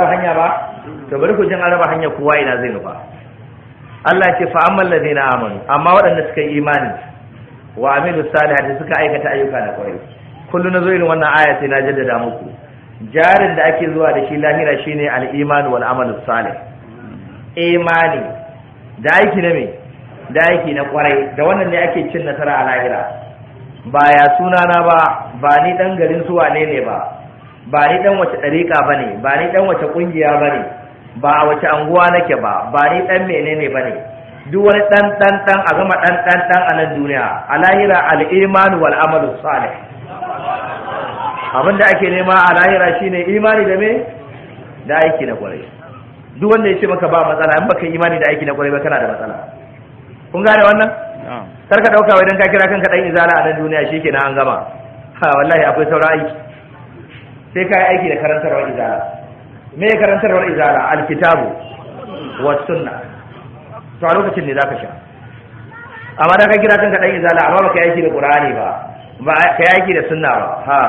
hanya ba to bari ku jin raba hanya kowa ina zai nufa Allah ce fa amman ladina amanu amma waɗanda suka yi imani wa amilu salihati suka aikata ayyuka na kwarai kullu zo irin wannan aya sai na jaddada muku jarin da ake zuwa da shi lahira shine al-iman wal amalu salih imani da aiki na me da aiki na kwarai da wannan ne ake cin nasara a lahira ba ya na ba ba ni dan garin su wane ne ba ba ni dan wace ɗariƙa ba ne ba ni dan wace ƙungiya ba ne ba a wace anguwa nake ba ba ni dan menene ba ne duk wani dan dan dan a gama dan dan dan a nan duniya a lahira al-iman wal amalu salih abinda ake nema a lahira shine imani da me da aiki na kwarai duk wanda ya ce maka ba matsala in baka imani da aiki na kwarai ba kana da matsala kun gane wannan kar ka dauka wai dan ka kira kanka dan izala a nan duniya shikenan an gama ha wallahi akwai sauran aiki sai ka yi aiki da karantarwar izala me karantarwar izala alkitabu wa sunna to a lokacin ne zaka sha amma da ka kira kanka dan izala amma baka yi aiki da qur'ani ba ba ka yi aiki da sunna ba ha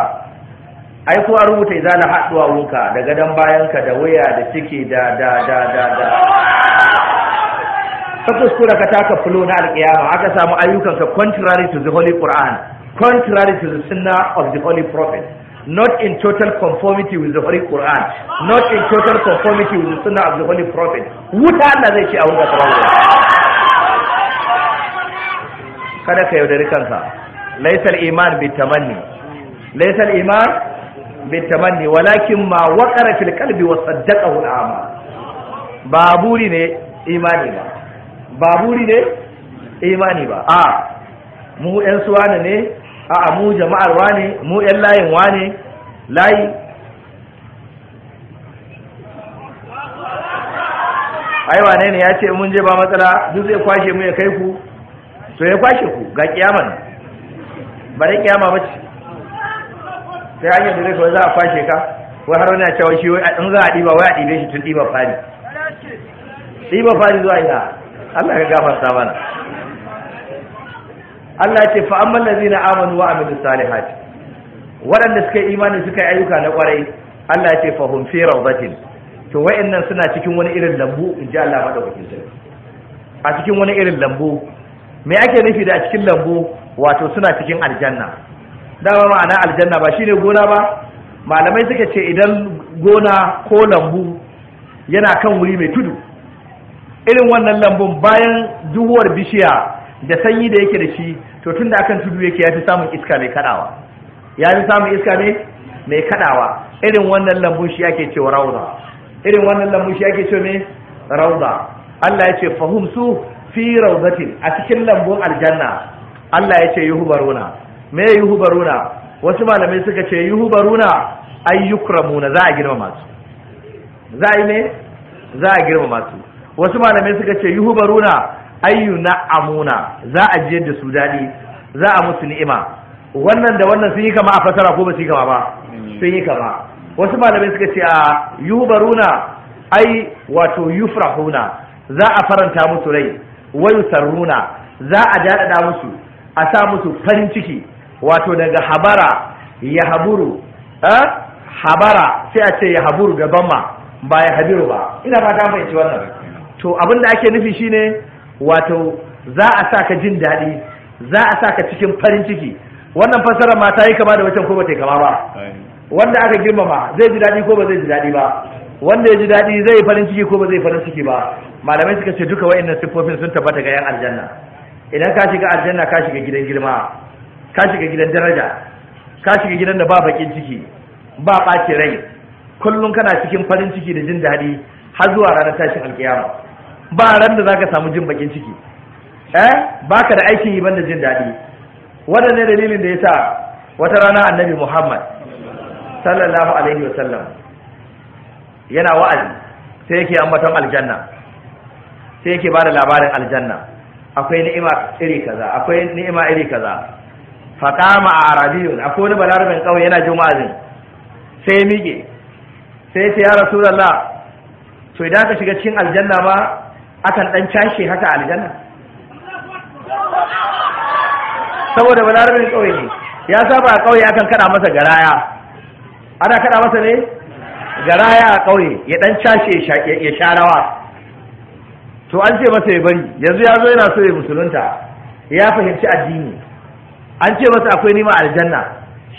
ai ko a rubuta izala haɗuwa wuka da bayan ka da waya da ciki da da da da da ka kuskura ka taka fulo na alƙiyama aka samu ayyukanka contrary to the holy quran contrary to the sunnah of the holy prophet not in total conformity with the Holy Quran, not in total conformity with the Sunnah of the Holy Prophet. Wuta Allah zai ce a wuta sarauta. Kada ka yaudari kanka, laisal iman bi tamanni, laisal iman bi tamanni, walakin ma waƙara fil wasu wa saddaka hul'ama. Baburi ne imani ba, baburi ne imani ba, a mu ‘yan suwana ne a'a mu jama'ar wane mu yan layin wane layi ai wane ne ya ce mun je ba matsala duk zai kwashe mu ya kai ku to ya kwashe ku ga kiyaman ba da kiyama ba ce sai hanyar da zai kawai za a kwashe ka wai har wani a cewa shi wai in za a ɗiba wai a ɗibe shi tun ɗiba fari ɗiba fari zuwa ina Allah ka gafarta mana Allah ya ce fa amma allazina amanu wa amilu salihat waɗanda suka yi imani suka yi ayyuka na kwarai Allah ya ce fa hum fi rawdatin to wa'annan suna cikin wani irin lambu in ji Allah madaukakin sarki a cikin wani irin lambu me ake nufi da a cikin lambu wato suna cikin aljanna dama ma'ana aljanna ba shine gona ba malamai suka ce idan gona ko lambu yana kan wuri mai tudu irin wannan lambun bayan duhuwar bishiya da sanyi da yake da shi to tun da akan tudu yake ya fi samun iska mai kadawa ya fi samun iska ne mai kadawa irin wannan lambun shi yake cewa rauda irin wannan lambun shi yake cewa me rauda Allah ya ce fahum su fi raudatin a cikin lambun aljanna Allah ya ce baruna. me baruna? wasu malamai suka ce yuhbaruna ay yukramuna za a girmama su za a yi ne za a girmama su wasu malamai suka ce baruna? ayyuna amuna za a je da su daɗi za a musu ni'ima wannan da wannan sun yi kama a fasara ko ba su yi kama ba sun yi kama wasu malamai suka ce a yubaruna ai wato yufrahuna za a faranta musu rai wayu sarruna za a daɗaɗa musu a sa musu farin ciki wato daga habara ya haburu eh, habara sai a ce ya haburu gaban ma ba ya habiru ba ina ba ta fahimci wannan to abin da ake nufi shine wato za a sa ka jin daɗi za a sa ka cikin farin ciki wannan fassara ma ta yi kama da wacan ko ba ta kama ba wanda aka girmama zai ji daɗi ko ba zai ji daɗi ba wanda ya ji daɗi zai farin ciki ko ba zai farin ciki ba malamai suka ce duka wa'annan siffofin sun tabbata ga yan aljanna idan ka shiga aljanna ka shiga gidan girma ka shiga gidan daraja ka shiga gidan da ba bakin ciki ba ɓaci rai kullum kana cikin farin ciki da jin daɗi har zuwa ranar tashin alkiyama ba ran da zaka samu jin bakin ciki eh baka da aikin yi banda jin daɗi wannan ne dalilin da yasa wata rana annabi Muhammad sallallahu alaihi wasallam yana wa'azi sai yake ambaton aljanna sai yake bada labarin aljanna akwai ni'ima iri kaza akwai ni'ima iri kaza faqama arabiyun akwai wani balarabin kawai yana jin wa'azin sai ya miƙe sai ya ce ya rasulullah to idan ka shiga cikin aljanna ba. akan dan cashe haka aljanna saboda balarabin kauye ne ya saba a kauye akan kada masa garaya ana kada masa ne garaya a kauye ya dan cashe ya sharawa to an ce masa ya bari yanzu ya zo yana so ya musulunta ya fahimci addini an ce masa akwai nima aljanna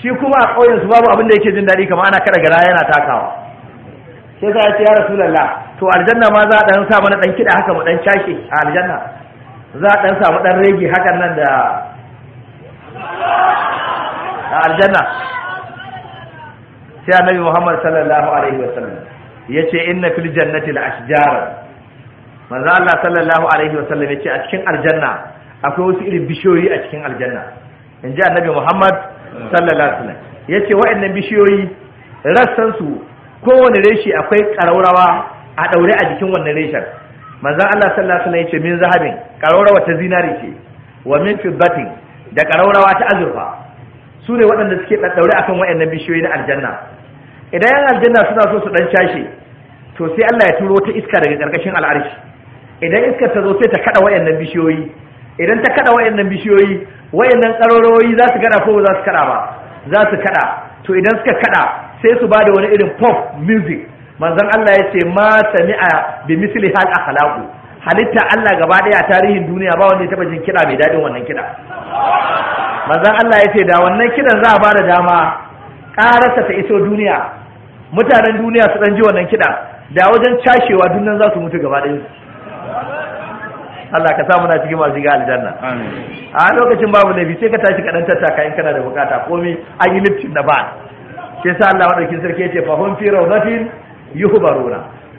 shi kuma a ƙauyen su babu abin da yake jin daɗi kamar ana kada garaya yana takawa sai ya ce ya rasulullah to aljanna ma za a dan sa mana dan kida haka mu dan cashe a aljanna za a dan samu dan rege hakan nan da a aljanna sai annabi Muhammad sallallahu alaihi wasallam yace inna fil jannati la ashjara manzo Allah sallallahu alaihi wasallam yace a cikin aljanna akwai wasu irin bishiyoyi a cikin aljanna inji annabi Muhammad sallallahu alaihi wasallam yace wa'annan bishiyoyi rassansu kowane reshi akwai karaurawa a daure a jikin wannan reshen manzan Allah sallallahu alaihi wasallam yace min zahabin qararawa ta zinari ce wa min fiddatin da ƙaraurawa ta azurfa su ne waɗanda suke daddaure akan waɗannan bishiyoyi na aljanna idan yan aljanna suna so su dan cashe to sai Allah ya turo ta iska daga ƙarƙashin al'arshi idan iskar ta zo sai ta kada waɗannan bishiyoyi idan ta kada wayannan bishiyoyi wayannan ƙararrawoyi za su kada ko za su kada ba za su kada to idan suka kada sai su bada wani irin pop music manzon Allah ya ce ma sami'a bi misli hal akhlaqu halitta Allah gaba daya a tarihin duniya ba wanda ya taba jin kiɗa mai daɗin wannan kiɗa manzon Allah ya ce da wannan kiɗan za a bada dama karasa ta iso duniya mutanen duniya su dan ji wannan kiɗa da wajen cashewa dunnan za su mutu gaba daya Allah ka sa muna cikin masu ga aljanna Amin. a lokacin babu laifi sai ka tashi kadan tattaka in kana da bukata komai an yi liftin da ba sai sa Allah madaukin sarki ya ce fa hum fi rawdatin yuhu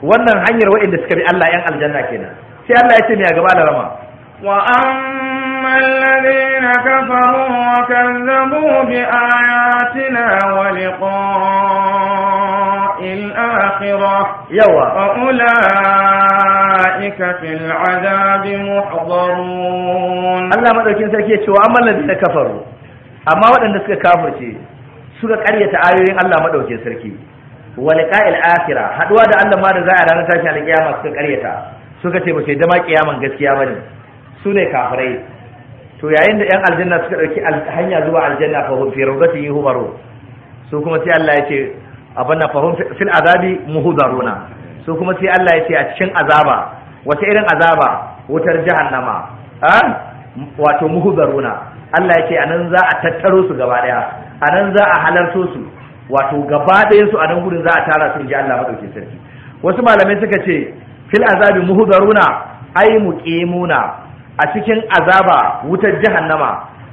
wannan hanyar waɗanda suka bi Allah yan aljanna kenan sai Allah ya ce mai a gaba da rama wa ammal ladina kafaru wa kazzabu bi ayatina wa liqa il akhirah yawa fa ulaika fil adabi muhdharun Allah madaukin sarki ya ce wa ammal ladina kafaru amma waɗanda suka kafirce suka ƙaryata ayoyin Allah madaukin sarki wa liqa'il akhirah haduwa da Allah ma da za a ranar tashi kiyama suka karyata suka ce ba sai dama kiyaman gaskiya bane su ne kafirai to yayin da yan aljanna suka dauki hanya zuwa aljanna fa hum fi rawdatin yuhbaru su kuma sai Allah ya ce abanna fa hum fil azabi muhdaruna su kuma sai Allah ya ce a cikin azaba wata irin azaba wutar jahannama wato muhdaruna Allah ya ce anan za a tattaro su gaba daya anan za a halarto su wato gaba ɗayan su a nan gurin za a tara su in ji Allah madaukakin sarki wasu malamai suka ce fil azabi muhdaruna ay muqimuna a cikin azaba wutar jahannama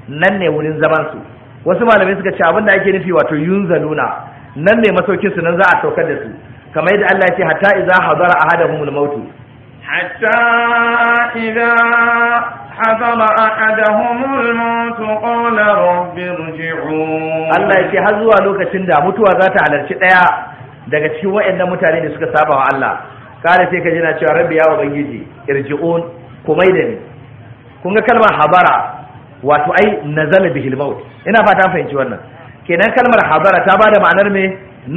nan ne wurin zaman su wasu malamai suka ce abinda ake nufi wato yunzaluna nan ne masaukin su nan za a saukar da su kamar yadda Allah ya ce hatta idza hadara ahaduhumul maut hatta idza حضر أحدهم الموت قال رب ارجعون الله يكي هزوا لوكا تندا متوا ذات على الشتايا daga cikin waɗannan mutane da suka saba wa Allah kare sai ka jina cewa rabbi ya bangiji, irji'un kumai da ni kun ga kalmar habara wato ai nazala bihil maut ina fata fahimci wannan kenan kalmar habara ta bada ma'anar me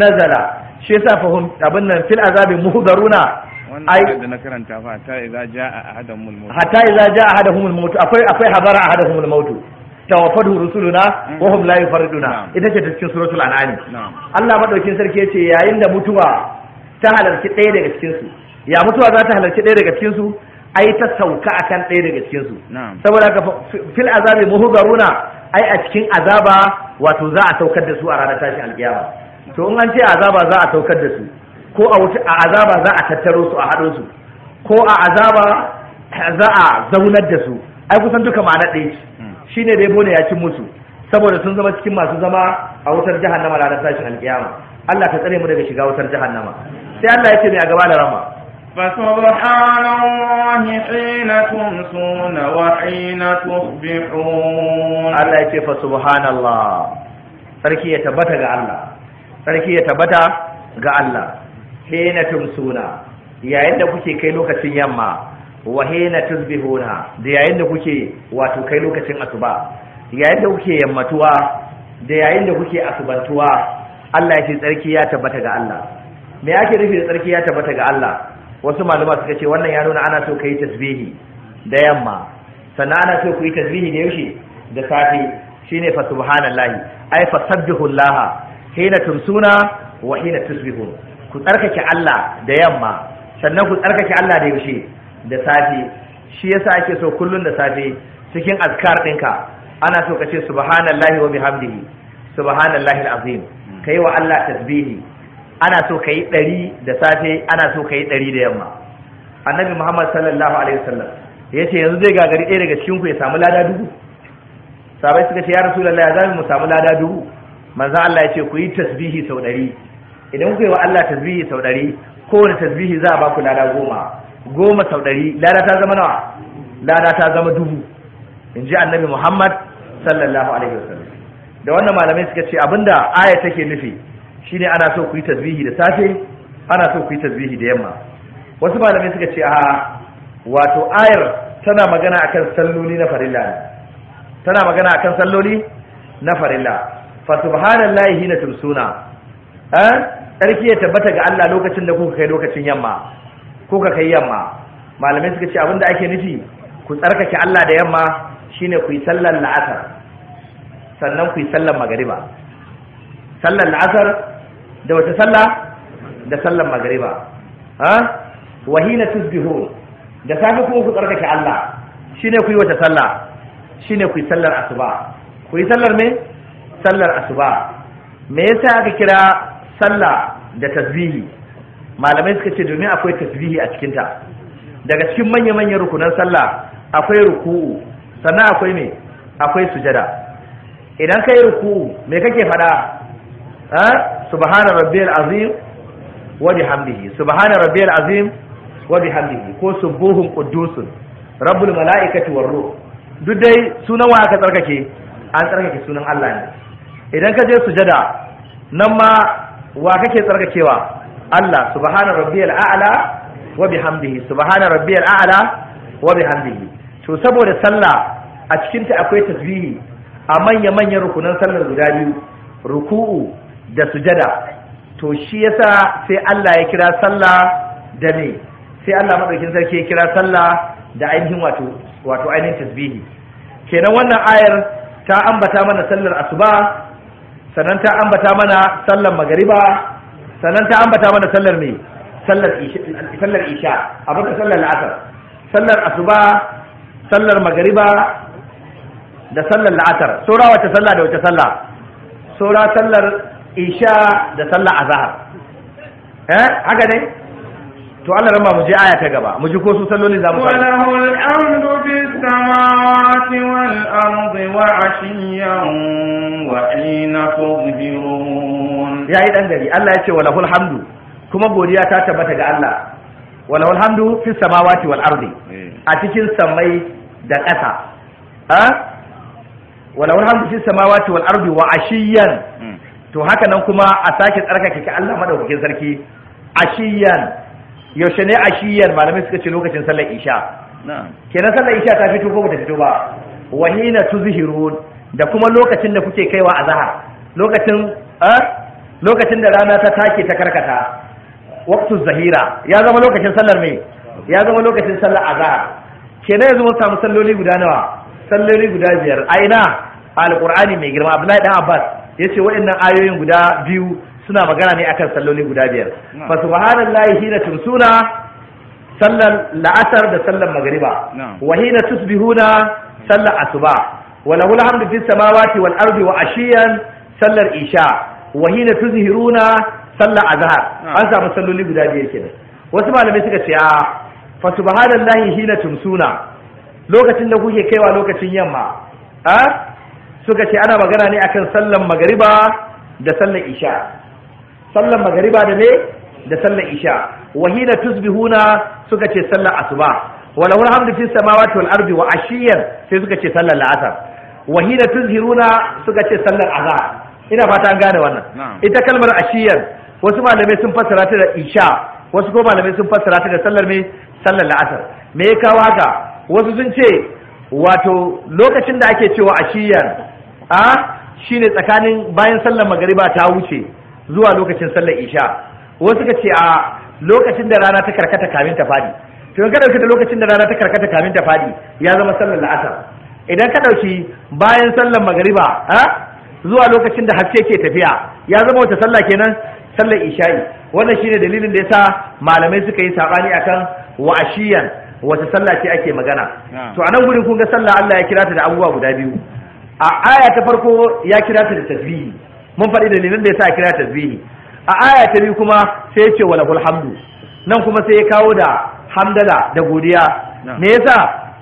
nazala shi yasa fahim abin nan fil azabi muhdaruna wannan da na karanta fa hatta idza jaa ahadahumul maut hatta idza jaa ahadahumul maut akwai akwai habara ahadahumul maut tawafadu rusuluna hmm. wa hum la yufariduna ita ce ta cikin suratul an'am Allah madaukin sarki yace yayin da mutuwa ta halarci ɗaya daga cikin su ya mutuwa za ta halarci ɗaya daga cikin su ai ta sauka akan ɗaya daga cikin su saboda ka fil azabi muhdaruna ai a cikin azaba wato za a saukar da su a ranar tashin alkiyama to in an ce azaba za a saukar da su ko a wuta a azaba za a tattaro su a haɗo su ko a azaba za a zaunar da su ai kusan duka ma'anar ɗaya ce hmm. shine dai bone ya cin musu saboda sun zama cikin masu zama a wutar jahannama ranar tashin alƙiyama Allah ka tsare mu daga shiga wutar jahannama sai Allah yake mai a gaba da rama فسبحان الله حين تمسون وحين تصبحون الله يكي فسبحان الله sarki ya tabbata ga Allah sarki ya tabbata ga Allah hina tumsuna yayin da kuke kai lokacin yamma wa hina tusbihuna da yayin da kuke wato kai lokacin asuba yayin da kuke yammatuwa da yayin da kuke asubantuwa Allah ya tsarki ya tabbata ga Allah me yake nufi da tsarki ya tabbata ga Allah wasu malama suka ce wannan ya nuna ana so kai tasbihi da yamma sannan ana so ku yi tasbihi da yaushe da safe shine fa subhanallahi ay fasabbihullaha hina tumsuna wa hina tusbihuna ku tsarkake Allah da yamma sannan ku tsarkake Allah da yaushe da safe shi yasa ake so kullun da safe cikin azkar ɗinka ana so ka ce subhanallahi wa bihamdihi subhanallahi alazim kai wa Allah tasbihi ana so kai ɗari da safe ana so kai ɗari da yamma annabi Muhammad sallallahu alaihi wasallam yace yanzu zai gagari ɗaya daga cikin ku ya samu lada dubu sabai suka ce ya rasulullahi za mu samu lada dubu manzo Allah ya ce ku yi tasbihi sau ɗari idan kuka yi wa Allah tasbihi sau ɗari kowane tasbihi za a ba ku lada goma goma sau ɗari lada ta zama nawa lada ta zama dubu in ji annabi muhammad sallallahu alaihi wasallam da wannan malamai suka ce abinda aya take nufi shine ana so ku yi tasbihi da safe ana so ku yi tasbihi da yamma wasu malamai suka ce a wato ayar tana magana akan salloli na farilla tana magana akan salloli na farilla fa subhanallahi hina tumsuna eh tsarki ya tabbata ga Allah lokacin da kuka kai lokacin yamma kuka kai yamma malamai suka ce abinda ake nufi ku tsarkake Allah da yamma shine ku yi sallar la'asar sannan ku yi sallar magariba sallar la'asar da wata sallah da sallar magariba ha wahina tusbihu da safe kuma ku tsarkake Allah shine ku yi wata sallah shine ku yi sallar asuba ku yi sallar me sallar asuba me yasa aka kira sallah da tasbihi malamai suka ce domin akwai tasbihi a cikinta daga cikin manya-manyan rukunan sallah akwai ruku'u sannan akwai me akwai sujada idan kai ruku'u me kake fada ha subhana rabbiyal azim wa bihamdihi subhana rabbiyal azim wa bihamdihi ko subuhun quddusun rabbul malaikati war ruh duk dai sunan wa aka tsarkake an tsarkake sunan Allah ne idan ka je sujada nan ma wa kake tsarkakewa Allah subhana rabbiyal a'la wa bihamdihi subhana rabbiyal a'la wa bihamdihi to saboda sallah a cikin ta akwai tasbihi a manya manyan rukunan sallar guda biyu ruku'u da sujada to shi yasa sai Allah ya kira sallah da me sai Allah madaukin sarki ya kira sallah da ainihin wato wato ainihin tasbihi kenan wannan ayar ta ambata mana sallar asuba sannan ta ambata mana sallar magariba sannan ta ambata mana sallar me sallar isha abinda sallar la'asar sallar asuba sallar magariba da sallar la'asar saura wata sallah da wata sallah saura sallar isha da sallar azhar eh haka ne to Allah rama mu je aya ta gaba mu ji ko su salloli za mu fara walahul amru bis samawati wal ardi wa ashiyan wa hina tudhirun Ya dan gari Allah ya ce walahul hamdu kuma godiya ta tabbata ga Allah walahul hamdu fis samawati wal ardi eh. a cikin samai da ƙasa a walahul hamdu fis samawati wal ardi wa ashiyan hmm. to haka nan kuma a sake tsarkake Allah madaukakin sarki ashiyan yaushe ne a shiyar malamai suka ce lokacin sallar isha kenan sallar isha ta fito ko bata fito ba wahina tuzhirun da kuma lokacin da kuke kaiwa a zahar lokacin lokacin da rana ta take ta karkata waqtu zahira ya zama lokacin sallar me ya zama lokacin sallar azhar kenan yanzu mun samu salloli guda nawa salloli guda biyar aina alqur'ani mai girma abdullahi dan abbas yace waɗannan ayoyin guda biyu suna magana ne akan salloli guda biyar fa subhanallahi hina tumsuna sallar la'asar da sallar magriba wa hina tusbihuna sallar asuba wa lahul hamdu fis samawati wal ardi wa ashiyan sallar isha wa hina tuzhiruna sallar azhar an samu salloli guda biyar kenan wasu malamai suka ce a fa subhanallahi hina tumsuna lokacin da kuke kaiwa lokacin yamma a suka ce ana magana ne akan sallar magriba da sallar isha sallar magariba da ne da sallar isha wahina tusbihuna suka ce sallar asuba wa lahu alhamdu fis samawati wal ardi wa ashiyan sai suka ce sallar la'asar wahina tuzhiruna suka ce sallar azhar ina fata an gane wannan ita kalmar ashiyan wasu malamai sun fassara ta da isha wasu ko malamai sun fassara ta da sallar me sallar la'asar me ya kawo haka wasu sun ce wato lokacin da ake cewa ashiyan a ah, shine tsakanin bayan sallar magariba ta wuce zuwa lokacin sallar isha wasu suka ce a lokacin da rana ta karkata kamin ta fadi to in ka dauki da lokacin da rana ta karkata kamin ta fadi ya zama sallar la'asar idan ka dauki bayan sallar magariba ha zuwa lokacin da haske ke tafiya ya zama wata sallah kenan sallar isha'i wannan shine dalilin da yasa malamai suka yi sabani akan wa'ashiyan wata sallah ce ake magana to a nan gurin kun ga sallah Allah ya kira ta da abubuwa guda biyu a aya ta farko ya kira ta da tasbihi mun faɗi dalilin da yasa a kira tasbihi a aya ta biyu kuma sai ya ce wa lahul hamdu nan kuma sai ya kawo da hamdala da godiya me yasa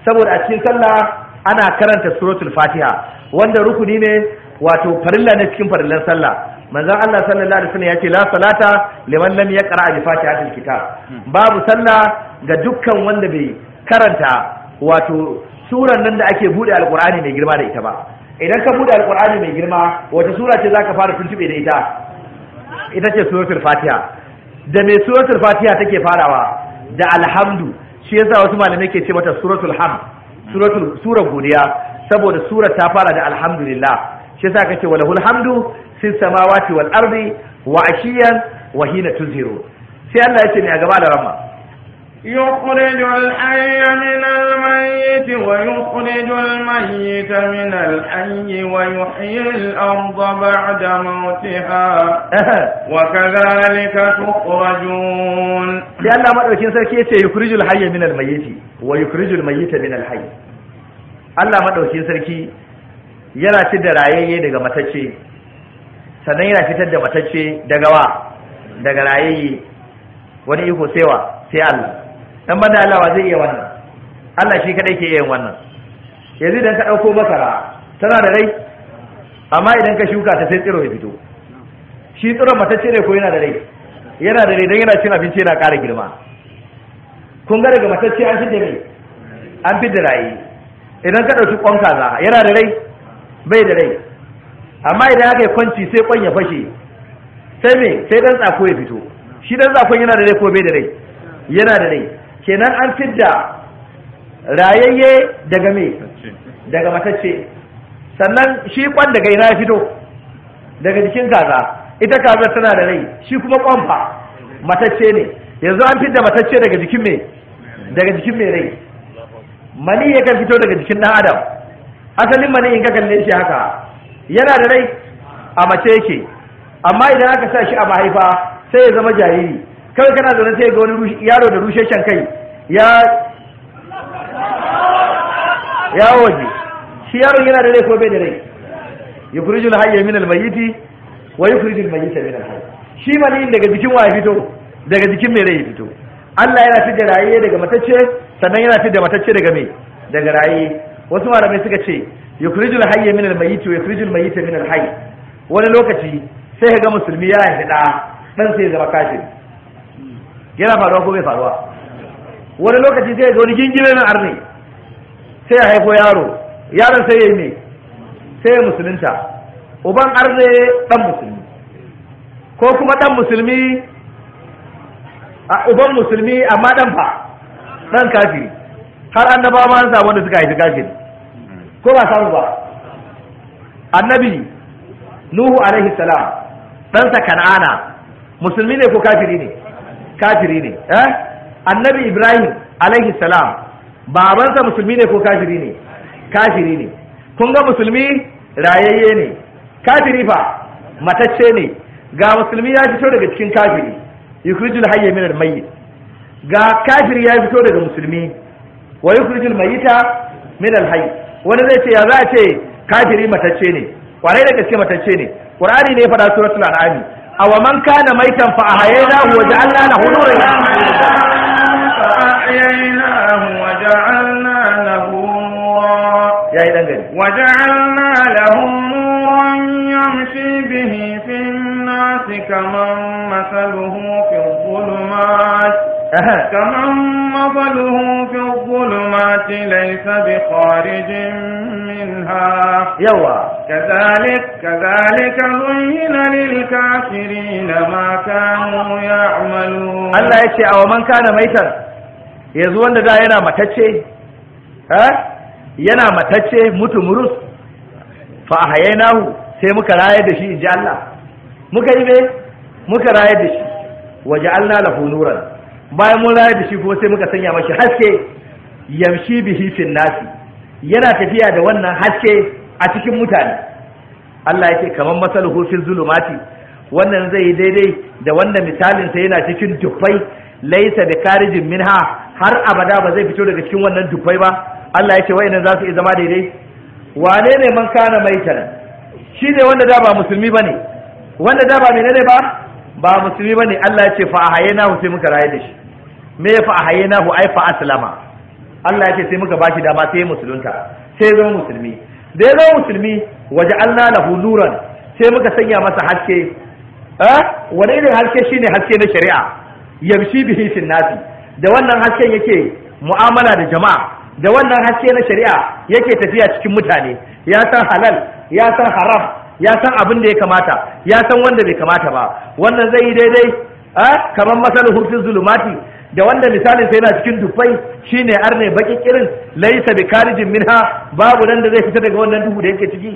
saboda a cikin sallah ana karanta suratul fatiha wanda rukuni ne wato farilla ne cikin farillan sallah manzon Allah sallallahu alaihi wasallam yace la salata liman lam yaqra bi fatihatil kitab hmm. babu sallah ga dukkan wanda bai karanta wato suran nan da ake bude alqur'ani mai girma da ita ba idan ka bude alqur'ani mai girma wata sura ce zaka fara tuntube da ita ita ce suratul fatiha da mai suratul fatiha take farawa da alhamdu shi yasa wasu malamai ke ce mata suratul ham suratul sura godiya saboda sura ta fara da alhamdulillah shi yasa kace walahul hamdu fis samawati wal ardi wa ashiyan wa hina tuzhiru sai Allah ya ce ne a gaba da rama يخرج الحي من الميت ويخرج الميت من الحي ويحيي الأرض بعد موتها وكذلك تخرجون لأن ما أكين سركي يخرج الحي من الميت ويخرج الميت من الحي Allah maɗaukin sarki yana ci da rayayye daga matacce sannan yana fitar da matacce daga wa daga rayayye wani iko sewa sai Allah dan banda Allah wa zai iya wannan Allah shi kadai ke iya yin wannan yanzu idan ka dauko masara tana da rai amma idan ka shuka ta sai tsiro ya fito shi tsiron matacce ne ko yana da rai yana da rai dan yana cin abinci yana ƙara girma kun ga daga matacce an fi da rai an fi da rai idan ka dauki kwan kaza yana da rai bai da rai amma idan aka yi kwanci sai kwan ya fashe sai me sai dan tsako ya fito shi dan tsakon yana da rai ko bai da rai yana da rai kenan an fidda rayayye daga me daga matacce sannan shi kwan daga ina fito daga jikin kaza ita kaza tana da rai shi kuma kwan fa matacce ne yanzu an fidda matacce daga jikin me daga jikin me rai mani ya kan fito daga jikin dan adam asalin mani in ka kalle shi haka yana da rai a mace yake amma idan aka sa shi a mahaifa sai ya zama jariri kawai kana zaune sai ga wani yaro da rushe shan kai ya ya waje shi yaron yana da rai ko bai da rai yukhrijul hayya min al-mayyiti wa yukhrijul mayyita min al-hayy shi maliyin daga jikin wa ya fito daga jikin mai rai ya fito Allah yana fi da raye daga matacce sannan yana fi da matacce daga mai daga raye wasu malamai suka ce ya yukhrijul hayya min al-mayyit wa yukhrijul mayyita min al-hayy wani lokaci sai ka ga musulmi ya hida dan sai zama kafir yana faruwa ko bai faruwa wani lokaci sai ya ga wani gingime na arne sai ya haifo yaro yaron sai ya yi me sai ya musulunta uban arne dan musulmi ko kuma dan musulmi a uban musulmi amma dan fa dan kafiri har annaba ma an samu wanda suka haifi kafiri ko ba samu ba annabi nuhu alaihi salam ɗansa kan'ana musulmi ne ko kafiri ne kafiri ne eh annabi ibrahim alaihi salam babansa musulmi ne ko kafiri ne kafiri ne kun ga musulmi rayayye ne kafiri fa matacce ne ga musulmi ya fito daga cikin kafiri yukrijul hayya min al ga kafiri ya fito daga musulmi wa yukrijul mayyita min al-hayy wani zai ce ya za a ce kafiri matacce ne kwarai da gaske matacce ne qur'ani ne ya faɗa suratul an'am awaman man kana maitan fa ahayna wa ja'alna lahu nuran وجعلنا له نورا وجعلنا له نورا يمشي به في الناس كمن مثله في الظلمات كمن مثله في الظلمات ليس بخارج منها يوا كذلك كذلك زين للكافرين ما كانوا يعملون الله يشفي او من كان ميتا yanzu wanda da yana matacce yana matacce mutu murus fa sai muka raye da shi inji Allah muka yi me muka raye da shi waja'alna lahu nuran bayan mun raye da shi kuma sai muka sanya mashi haske yamshi bihi fil nasi yana tafiya da wannan haske a cikin mutane Allah yake kaman masaluhu fil zulumati wannan zai yi daidai da wanda misalin sa yana cikin tuffai laysa bi karijin minha har abada ba zai fito daga cikin wannan dubbai ba Allah ya ce wa'annan za su iya zama daidai wane ne man kana maitan shi ne wanda da ba musulmi bane wanda da ba menene ba ba musulmi bane Allah ya ce fa ahayna sai muka raye da shi me fa ahayna hu ai fa aslama Allah ya ce sai muka bashi dama sai musulunta sai zama musulmi da ya zama musulmi waje lahu nuran sai muka sanya masa haske eh wane irin haske shine haske na shari'a yamshi bihi fil nasi da wannan hasken yake mu'amala da jama'a da wannan haske na shari'a yake tafiya cikin mutane ya san halal ya san haram ya san abin da ya kamata ya san wanda bai kamata ba wannan zai yi daidai a eh, kamar masalin hurfin zulumati da wanda misalin sai yana cikin dufai shine arne baki kirin laisa bi karijin minha babu nan da zai fita daga wannan duhu da yake ciki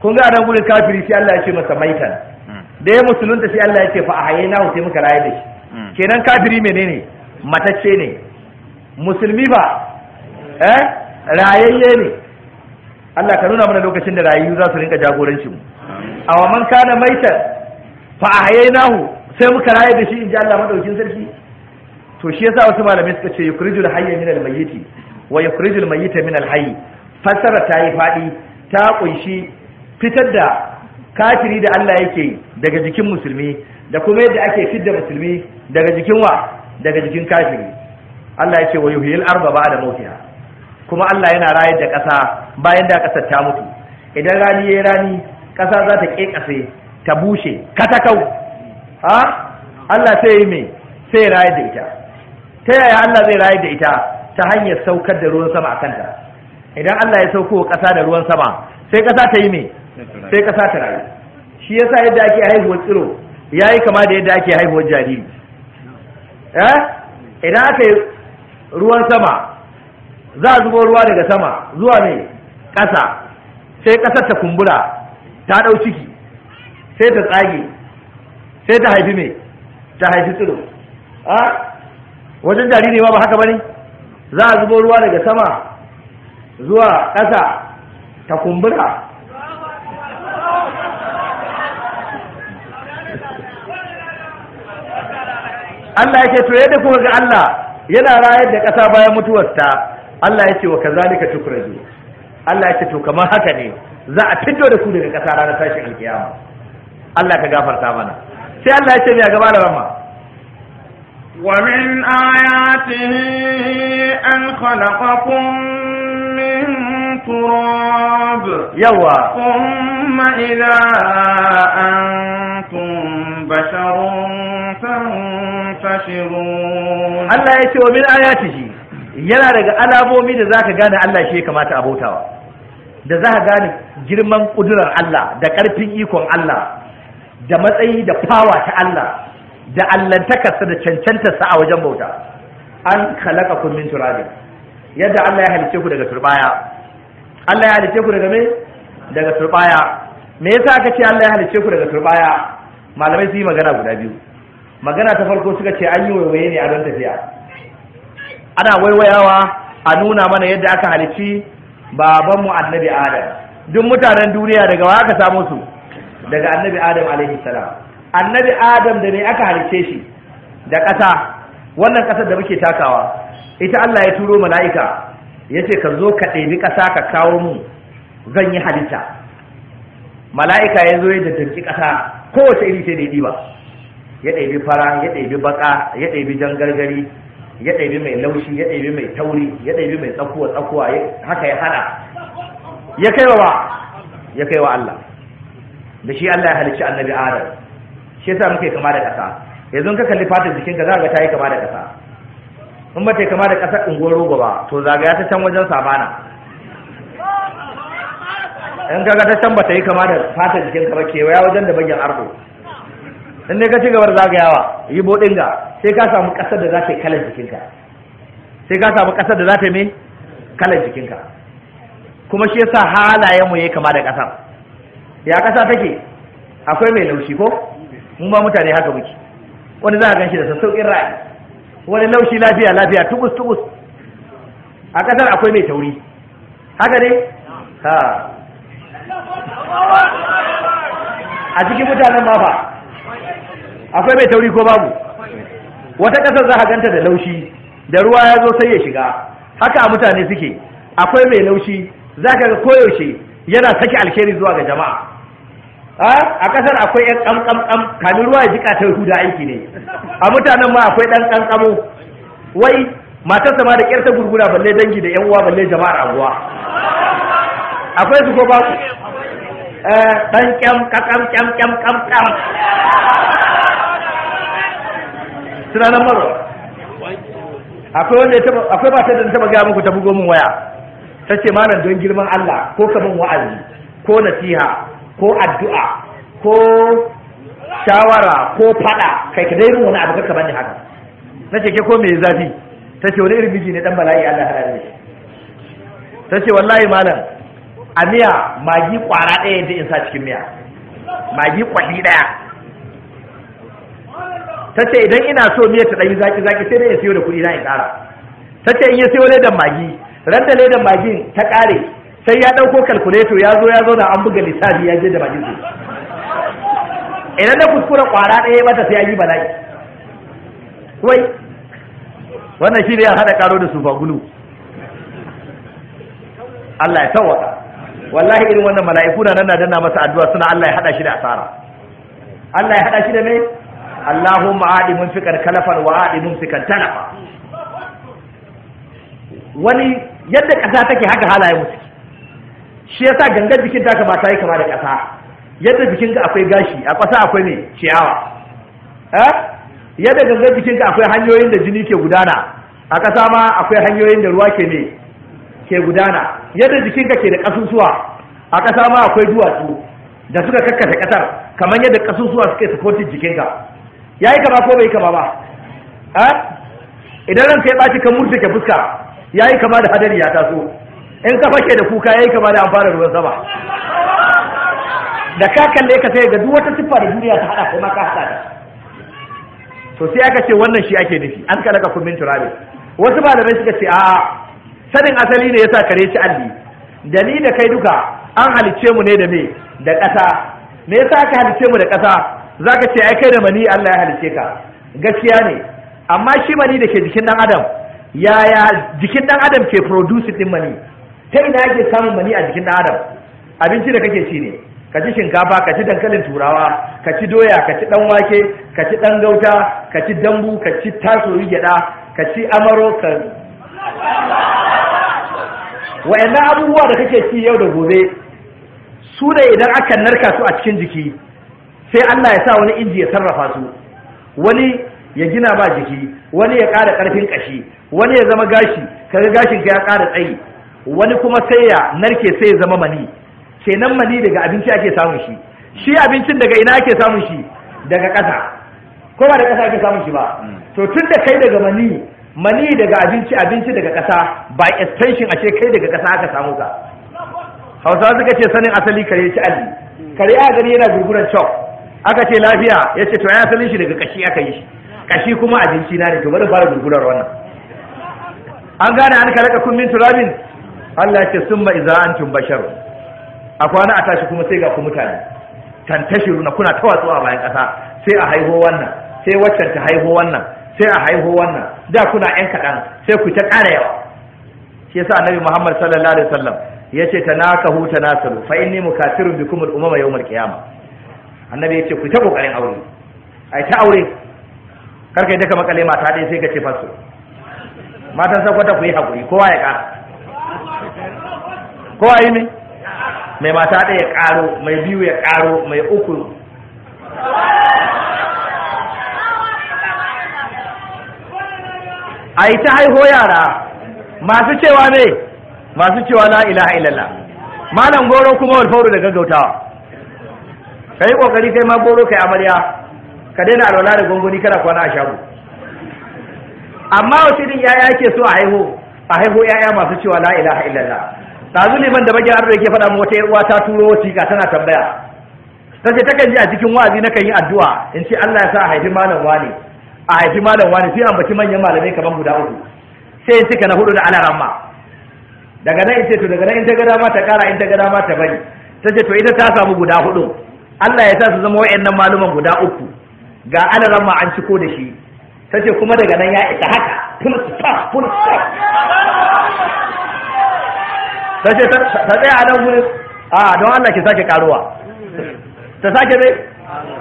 kun ga nan gurin kafiri sai Allah ya ce masa maitan hmm. da ya musulunta sai Allah ya ce fa ahayna sai muka raye da shi hmm. kenan kafiri menene matacce ne musulmi ba eh rayayye ne Allah ka nuna mana lokacin da rayu za su rinka jagorancin mu aw man kana maitan fa ahyaynahu sai muka raye da shi ji Allah madaukin sarki to shi yasa wasu malamai suka ce yukhrijul hayya min al mayyiti wa yukhrijul mayyita min al hayy fasara ta yi fadi ta kunshi fitar da kafiri da Allah yake daga jikin musulmi da kuma yadda ake fidda musulmi daga jikin wa daga jikin kafiri Allah ya ce wa arba ba da mautiya kuma Allah yana rayar da ƙasa bayan da ƙasar ta mutu idan rani yayi rani ƙasa za ta ƙeƙase ta bushe katakau ha Allah sai yi me sai rayar da ita ta yaya Allah zai rayar da ita ta hanyar saukar da ruwan sama a kanta idan Allah ya sauko ƙasa da ruwan sama sai ƙasa ta yi me sai ƙasa ta rayu shi yasa yadda ake haihuwar tsiro yayi kama da yadda ake haihuwar jariri Eh? idan aka yi ruwan sama za a zubo ruwa daga sama zuwa mai ƙasa sai ƙasar ta kumbura ta ɗau ciki sai ta tsage sai ta haifi mai ta haifi tsiro a ah? wajen jariri ma ba haka bane za a zubo ruwa daga sama zuwa ƙasa ta kumbura Allah ya to yadda kuka ga Allah yana rayar da ƙasa bayan mutuwarta Allah ya wa kazalika tukraju Allah ya to kamar haka ne za a fito da ku daga ƙasa ranar tashin alkiyama Allah ka gafarta mana sai Allah ya ce mai gaba da rama min ayatihi an khalaqakum min. التراب يوا ثم إذا أنتم بشر تنتشرون الله يتوى من آياته yana daga alamomi da zaka gane Allah shi ya kamata a bautawa da zaka gane girman kudurar Allah da karfin ikon Allah da matsayi da fawa ta Allah da allantakarsa da cancantarsa a wajen bauta an kalaka kun min turabin yadda Allah ya halice ku daga turbaya Allah ya halice ku daga me daga turbaya me yasa aka ce Allah ya halice ku daga turbaya malamai su yi magana guda biyu magana ta farko suka ce an yi waiwaye ne a don tafiya ana waiwayawa a nuna mana yadda aka halici babanmu annabi adam duk mutanen duniya daga wa aka samu su daga annabi adam alaihi salam annabi adam da ne aka halice shi da ƙasa wannan ƙasar da muke takawa ita Allah ya turo mala'ika ya ce ka zo ka ɗebi ƙasa ka kawo mu zan yi halitta mala'ika ya zo ya daddanci ƙasa kowace iri sai da ya ɗiba ya ɗebi fara ya ɗebi baka ya ɗebi jan gargari ya ɗebi mai laushi ya ɗebi mai tauri ya ɗebi mai tsakuwa tsakuwa haka ya hada ya kai wa ya kai wa Allah da shi Allah ya halicci annabi Adam shi yasa muke kama da kasa yanzu ka kalli fatar jikin ka za ka ta yi kama da kasa in ba ta kama da ƙasar unguwar rogo ba to zagaya ta can wajen sabana in kaga ta can ba ta yi kama da fata jikin ka ba kewaya wajen da bagen ardo in ne ka ci gabar zagayawa yi bodin ga sai ka samu ƙasar da za ta yi kalar jikinka sai ka samu ƙasar da za ta yi mai kalar jikinka kuma shi yasa halayen mu yayi kama da ƙasar ya ƙasa take akwai mai laushi ko mun ba mutane haka muke wani za a gan shi da sassauƙin ra'ayi wani laushi lafiya lafiya tubus tubus a kasar akwai mai tauri haka ne ha a cikin mutanen mafa akwai mai tauri ko babu wata kasar za a ganta da laushi da ruwa ya zo sai ya shiga haka mutane suke akwai mai laushi za ka ga koyaushe yana sake alheri zuwa ga jama'a a kasar akwai yan kamkamkam kamin ruwa ya jika ta huda aiki ne a mutanen ma akwai dan kamkamo wai matarsa ma da kyar ta gurgura balle dangi da yan uwa balle jama'ar abuwa akwai su ko ba ku dan eh, kyam kakam kyam kyam kam kam tunanan marwa akwai wanda akwai ba ta da taba gaya muku ta bugo min waya tace malam don girman Allah ko kaman wa'azi ko nasiha ko addu'a ko shawara ko fada kai ka dai irin wani abu ka bani haka na ce ke ko me zafi ta ce wani irin miji ne dan bala'i Allah ya halale shi ta ce wallahi malam a miya magi kwara ɗaya da in sa cikin miya magi kwali ɗaya ta ce idan ina so miya ta dai zaki zaki sai dai ya siyo da kuɗi na in kara ta ce in ya siyo ledan magi ran da ledan magin ta ƙare sai ya ɗauko kalkuleto ya zo ya zauna an buga lissafi ya je da bakin su idan na kuskura kwara ɗaya mata sai ya yi bala'i wai wannan shi ne ya haɗa ƙaro da sufa gulu Allah ya tawaka wallahi irin wannan mala'iku na nan na masa addu'a suna Allah ya haɗa shi da asara Allah ya haɗa shi da me Allahumma aadi mun fikar kalafan wa aadi mun fikar talafa wani yadda ƙasa take haka halaye musu shi yasa gangar jikin ta ba ta yi kama da ƙasa yadda jikinka akwai gashi a ƙasa akwai ne ciyawa eh? yadda gangar jikinka akwai hanyoyin da jini ke gudana a ƙasa ma akwai hanyoyin da ruwa ke ne ke gudana yadda jikinka ke da ƙasusuwa a ƙasa ma akwai duwatsu da suka kakkata ƙasar kamar yadda ƙasusuwa suke sukotin jikinka ya yi kama ko bai kama ba eh? idan ranka ya ɓaci kan murta ke fuska ya yi kama da hadari ya taso in ka fashe da kuka yayi ka da an fara ruwan sama da ka kalle ka sai ga duk wata siffa da duniya ta hada kuma ka hada to sai aka ce wannan shi ake nufi an ka daga kumin turabe wasu malamai suka ce a'a sanin asali ne yasa kare ci alli da da kai duka an halicce mu ne da me da kasa me yasa aka halicce mu da kasa zaka ce ai kai da mani Allah ya halicce ka gaskiya ne amma shi mani da ke jikin dan adam yaya jikin dan adam ke producing din mani ta ina ake samun mani a jikin adam abinci da kake ci ne ka ci shinkafa ka ci dankalin turawa ka ci doya ka ci dan wake ka ci dan gauta ka ci dambu ka ci tasoyi gyada ka ci amaro ka wa'annan abubuwa da kake ci yau da gobe su ne idan aka narka su a cikin jiki sai Allah ya sa wani inji ya sarrafa su wani ya gina ba jiki wani ya ƙara ƙarfin ƙashi wani ya zama gashi kaga gashin ka ya ƙara tsayi wani kuma sai ya narke sai ya zama mani kenan mani daga abinci ake samun shi shi abincin daga ina ake samun shi daga ƙasa ko ba da ƙasa ake samun shi ba to tun da kai daga mani mani daga abinci abinci daga ƙasa ba extension ce kai daga ƙasa aka samu ka hausawa suka ce sanin asali kare ci alli kare a gani yana gurguran cok aka ce lafiya ya ce to ya asalin shi daga kashi aka yi shi kashi kuma abinci na ne to bari fara gurgurar wannan an gane an ka kun min turabin Allah ce sun ma basharu. bashar a kwana a tashi kuma sai ga ku mutane tantashiru na kuna tawatsu a bayan ƙasa sai a haihu wannan sai waccan ta haihu wannan sai a haihu wannan da kuna yan kaɗan sai ku ta ƙara yawa shi yasa annabi Muhammad sallallahu alaihi wasallam yace ta tanasalu fa inni mukathirun bikum al-umama yawm al-qiyamah annabi ce ku ta kokarin aure ai ta aure karka yadda ka makale mata dai sai ka ce fasu matan sakwata ku yi hakuri kowa ya ƙara ko a yi ne mai mata ɗaya ya ƙaro mai biyu ya ƙaro mai uku a yi ta haiho yara masu cewa ne masu cewa la ilaha illallah malam goro kuma walfauru da gaggautawa ka yi ƙoƙari kai ma goro kai amarya ka daina alwala da gungoni kana kwana a shago amma wasu irin yaya ke so a haihu a haihu yaya masu cewa la ilaha illallah ɗazu liman da bagin ardo yake faɗa mu wata uwa ta turo wasiƙa tana tambaya ta ce takan ji a cikin wa'azi na kan yi addu'a in ce Allah ya sa a haifi malam wani a haifi malam wani sai ambaci manyan malamai kamar guda uku sai in cika na hudu da alaramma daga nan in ce to daga nan in ta gada ma ta ƙara in ta gada ma ta bari ta ce to ita ta samu guda hudu Allah ya sa su zama wa'annan maluman guda uku ga alaramma an ciko da shi ta ce kuma daga nan ya isa haka full stop full ta ce ta tsaye a nan gurin a don Allah ki sake karuwa ta sake dai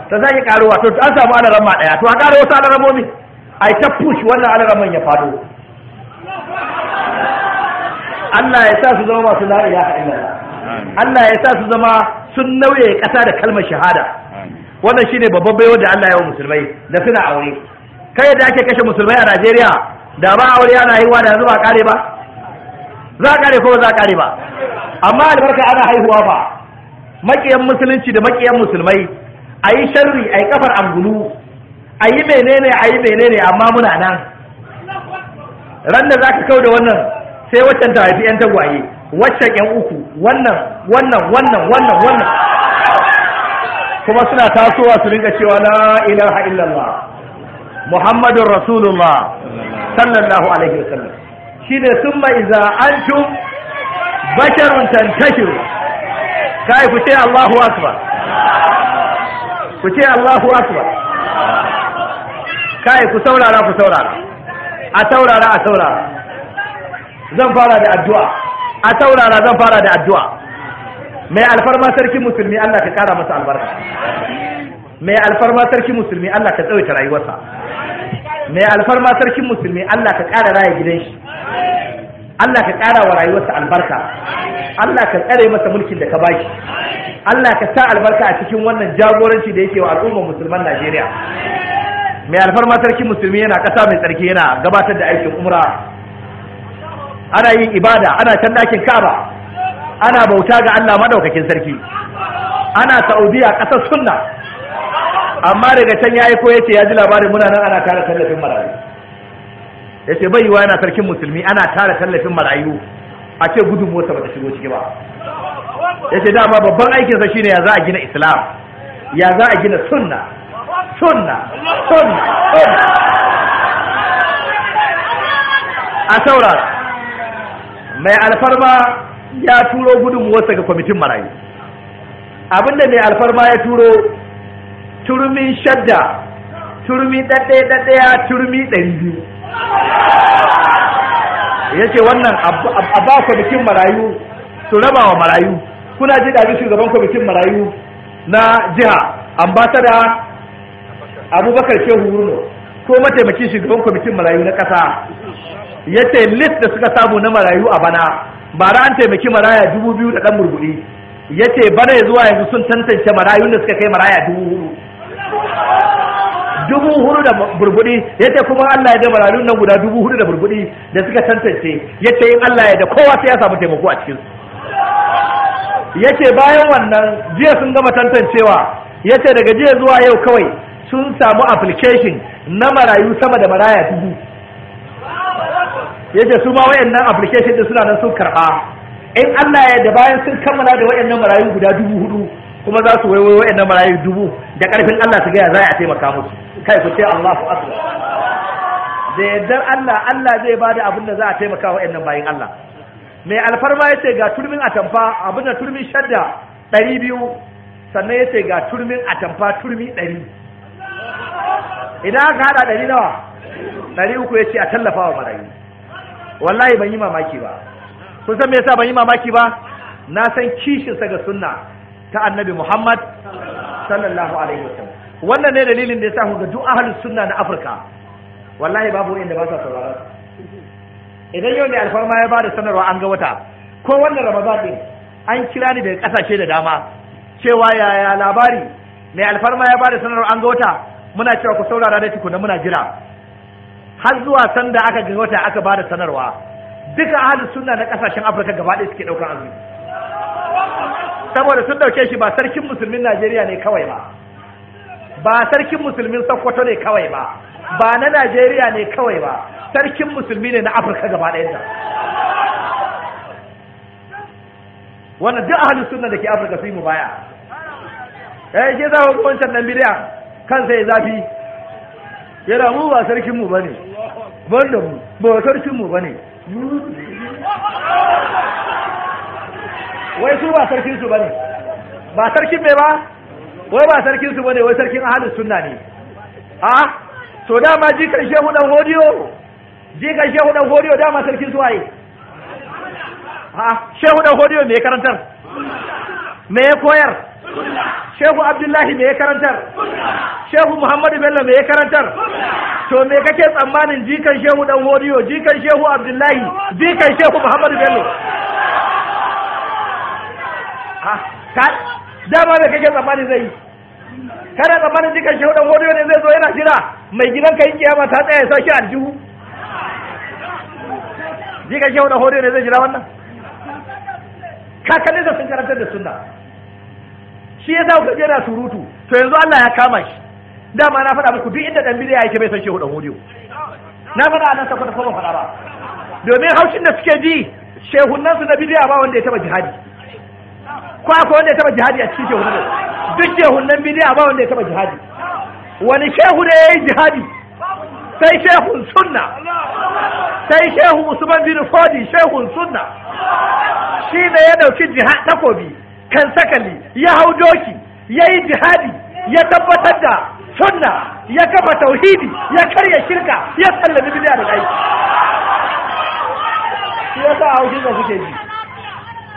ta sake karuwa to an samu alaran ma daya to a karo wasu alaran momi ai ta push wannan alaran man ya fado Allah ya sa su zama masu la ilaha illallah Allah ya sa su zama sun nauye kasa da kalmar shahada wannan shine babban baiwa da Allah ya wa musulmai da suna aure kai da ake kashe musulmai a Najeriya da ba aure ana yi wa da yanzu ba kare ba za a kare ko ba za a kare ba amma albarka ana haihuwa ba makiyan musulunci da makiyan musulmai a yi sharri a yi kafar angulu a yi menene a yi menene amma muna nan ran da za ka kau da wannan sai waccan ta haifi 'yan tagwaye waccan 'yan uku wannan wannan wannan wannan wannan kuma suna tasowa su rinka cewa la ilaha illallah muhammadun rasulullah sallallahu alaihi wasallam shine summa iza antum basharun tantashiru kai ku ce Allahu akbar ku ce Allahu akbar kai ku saurara ku saurara a saurara a saurara zan fara da addu'a a saurara zan fara da addu'a mai alfarma sarki musulmi Allah ka kara masa albarka mai alfarma sarki musulmi Allah ka tsawaita rayuwarsa mai alfarma sarkin musulmi Allah ka ƙara raya gidan shi Allah ka ƙara wa rayuwarsa albarka Allah ka tsare masa mulkin da ka baki Allah ka sa albarka a cikin wannan jagoranci da yake wa al'ummar musulman Najeriya mai alfarma sarki musulmi yana ƙasa mai tsarki yana gabatar da aikin umra ana yin ibada ana can ɗakin Ka'aba ana bauta ga Allah madaukakin sarki ana Saudiya ƙasar sunna amma daga can ya aiko yace ya ji labarin muna nan ana tara tallafin marayu ya ce bai yiwa yana sarkin musulmi ana tara tallafin marayu a ce gudun mota ba ta shigo ciki ba ya ce dama babban aikinsa shine ya za a gina islam ya za a gina sunna sunna sunna sunna a saura mai alfarma ya turo gudun mota ga kwamitin marayu abinda mai alfarma ya turo turmin shadda turmi ɗaɗɗaya ɗaɗɗaya turmi ɗari biyu ya ce wannan a ba kwamitin marayu su raba wa marayu kuna ji da shugaban kwamitin marayu na jiha ambasada abubakar shehu wurno ko mataimakin shugaban kwamitin marayu na ƙasa ya ce list da suka samu na marayu a bana ba bara an taimaki maraya dubu biyu da ɗan murguɗi ya ce bana zuwa yanzu sun tantance marayun da suka kai maraya dubu hudu dubu hudu da burbudi ya ce kuma Allah ya ga maralun nan guda dubu hudu da burbudi da suka tantance ya ce in Allah ya da kowa sai ya samu taimako a cikin ya ce bayan wannan jiya sun gama tantancewa ya ce daga jiya zuwa yau kawai sun samu application na marayu sama da maraya dubu ya ce su ma wayannan application din suna nan sun karba in Allah ya da bayan sun kammala da wayannan marayu guda dubu hudu kuma za su waiwayo waɗanda marayu dubu da ƙarfin Allah su gaya za a taimaka musu kai ku ce su asu da yardar Allah Allah zai ba da abin da za a taimaka waɗannan bayan Allah mai alfarma ya ce ga turmin atamfa abin da turmin shadda ɗari biyu sannan ya ce ga turmin atamfa turmi ɗari idan aka haɗa ɗari nawa ɗari uku ya ce a tallafa wa marayu wallahi ban yi mamaki ba kun san me yasa ban yi mamaki ba na san kishinsa ga sunna ta annabi Muhammad sallallahu alaihi wasallam wannan ne dalilin da ya sa ku ga duk ahlus sunna na Afirka wallahi babu inda ba sa sauraron idan yau ne alfarma ya bada sanarwa an ga wata ko wannan Ramadan din an kira ni daga kasashe da dama cewa yaya labari mai alfarma ya bada sanarwa an ga wata muna cewa ku saurara da tukuna muna jira har zuwa sanda aka ga wata aka bada sanarwa duka ahlus sunna na kasashen Afirka gaba ɗaya suke ɗaukar azumi saboda sun dauke shi ba sarkin musulmin Najeriya ne kawai ba ba sarkin musulmin Sokoto ne kawai ba ba na Najeriya ne kawai ba sarkin musulmi ne na Afirka gaba ɗaya wannan duk ahlus sunna da ke Afirka su yi mu baya eh ke za ku wancan nan bidiya kan sai zafi yana mu ba sarkin mu bane banda mu ba sarkin mu bane wai su ba sarkin su bane ba sarkin me ba wai ba sarkin su bane wai sarkin ahlus sunna ne a to dama jikan shehu dan hodiyo jikan shehu dan hodiyo dama sarkin su waye ha shehu dan hodiyo me karantar me ya koyar shehu abdullahi me ya karantar shehu muhammadu bello me ya karantar to me kake tsammanin jikan shehu dan hodiyo jikan shehu abdullahi jikan shehu muhammadu bello ka dama da kake tsammani zai yi kada tsammanin jikan shi hudan wani ne zai zo yana jira mai gidan ka yi kiyama ta tsaya ya sa shi aljihu jikan shi hudan wani ne zai jira wannan kakanni da sun karantar da sunna shi ya sa ku yana surutu to yanzu Allah ya kama shi dama na faɗa muku duk inda dan bidiya yake bai san shi hudu wani na faɗa nan sakwata ko ban faɗa ba domin haushin da suke ji su na bidiya ba wanda ya taba jihadi ko akwai wanda ya taba jihadi a cikin ne duk ne a ba wanda ya taba jihadi wani shehu ne ya yi jihadi sai shehun sunna sai shehu usman bin fodi shehun sunna shi ne ya dauki jihad takobi kan sakali ya hau doki ya yi jihadi ya tabbatar da sunna ya kafa tauhidi ya karya shirka ya tsallabi bidiya da aiki shi a hau da suke ji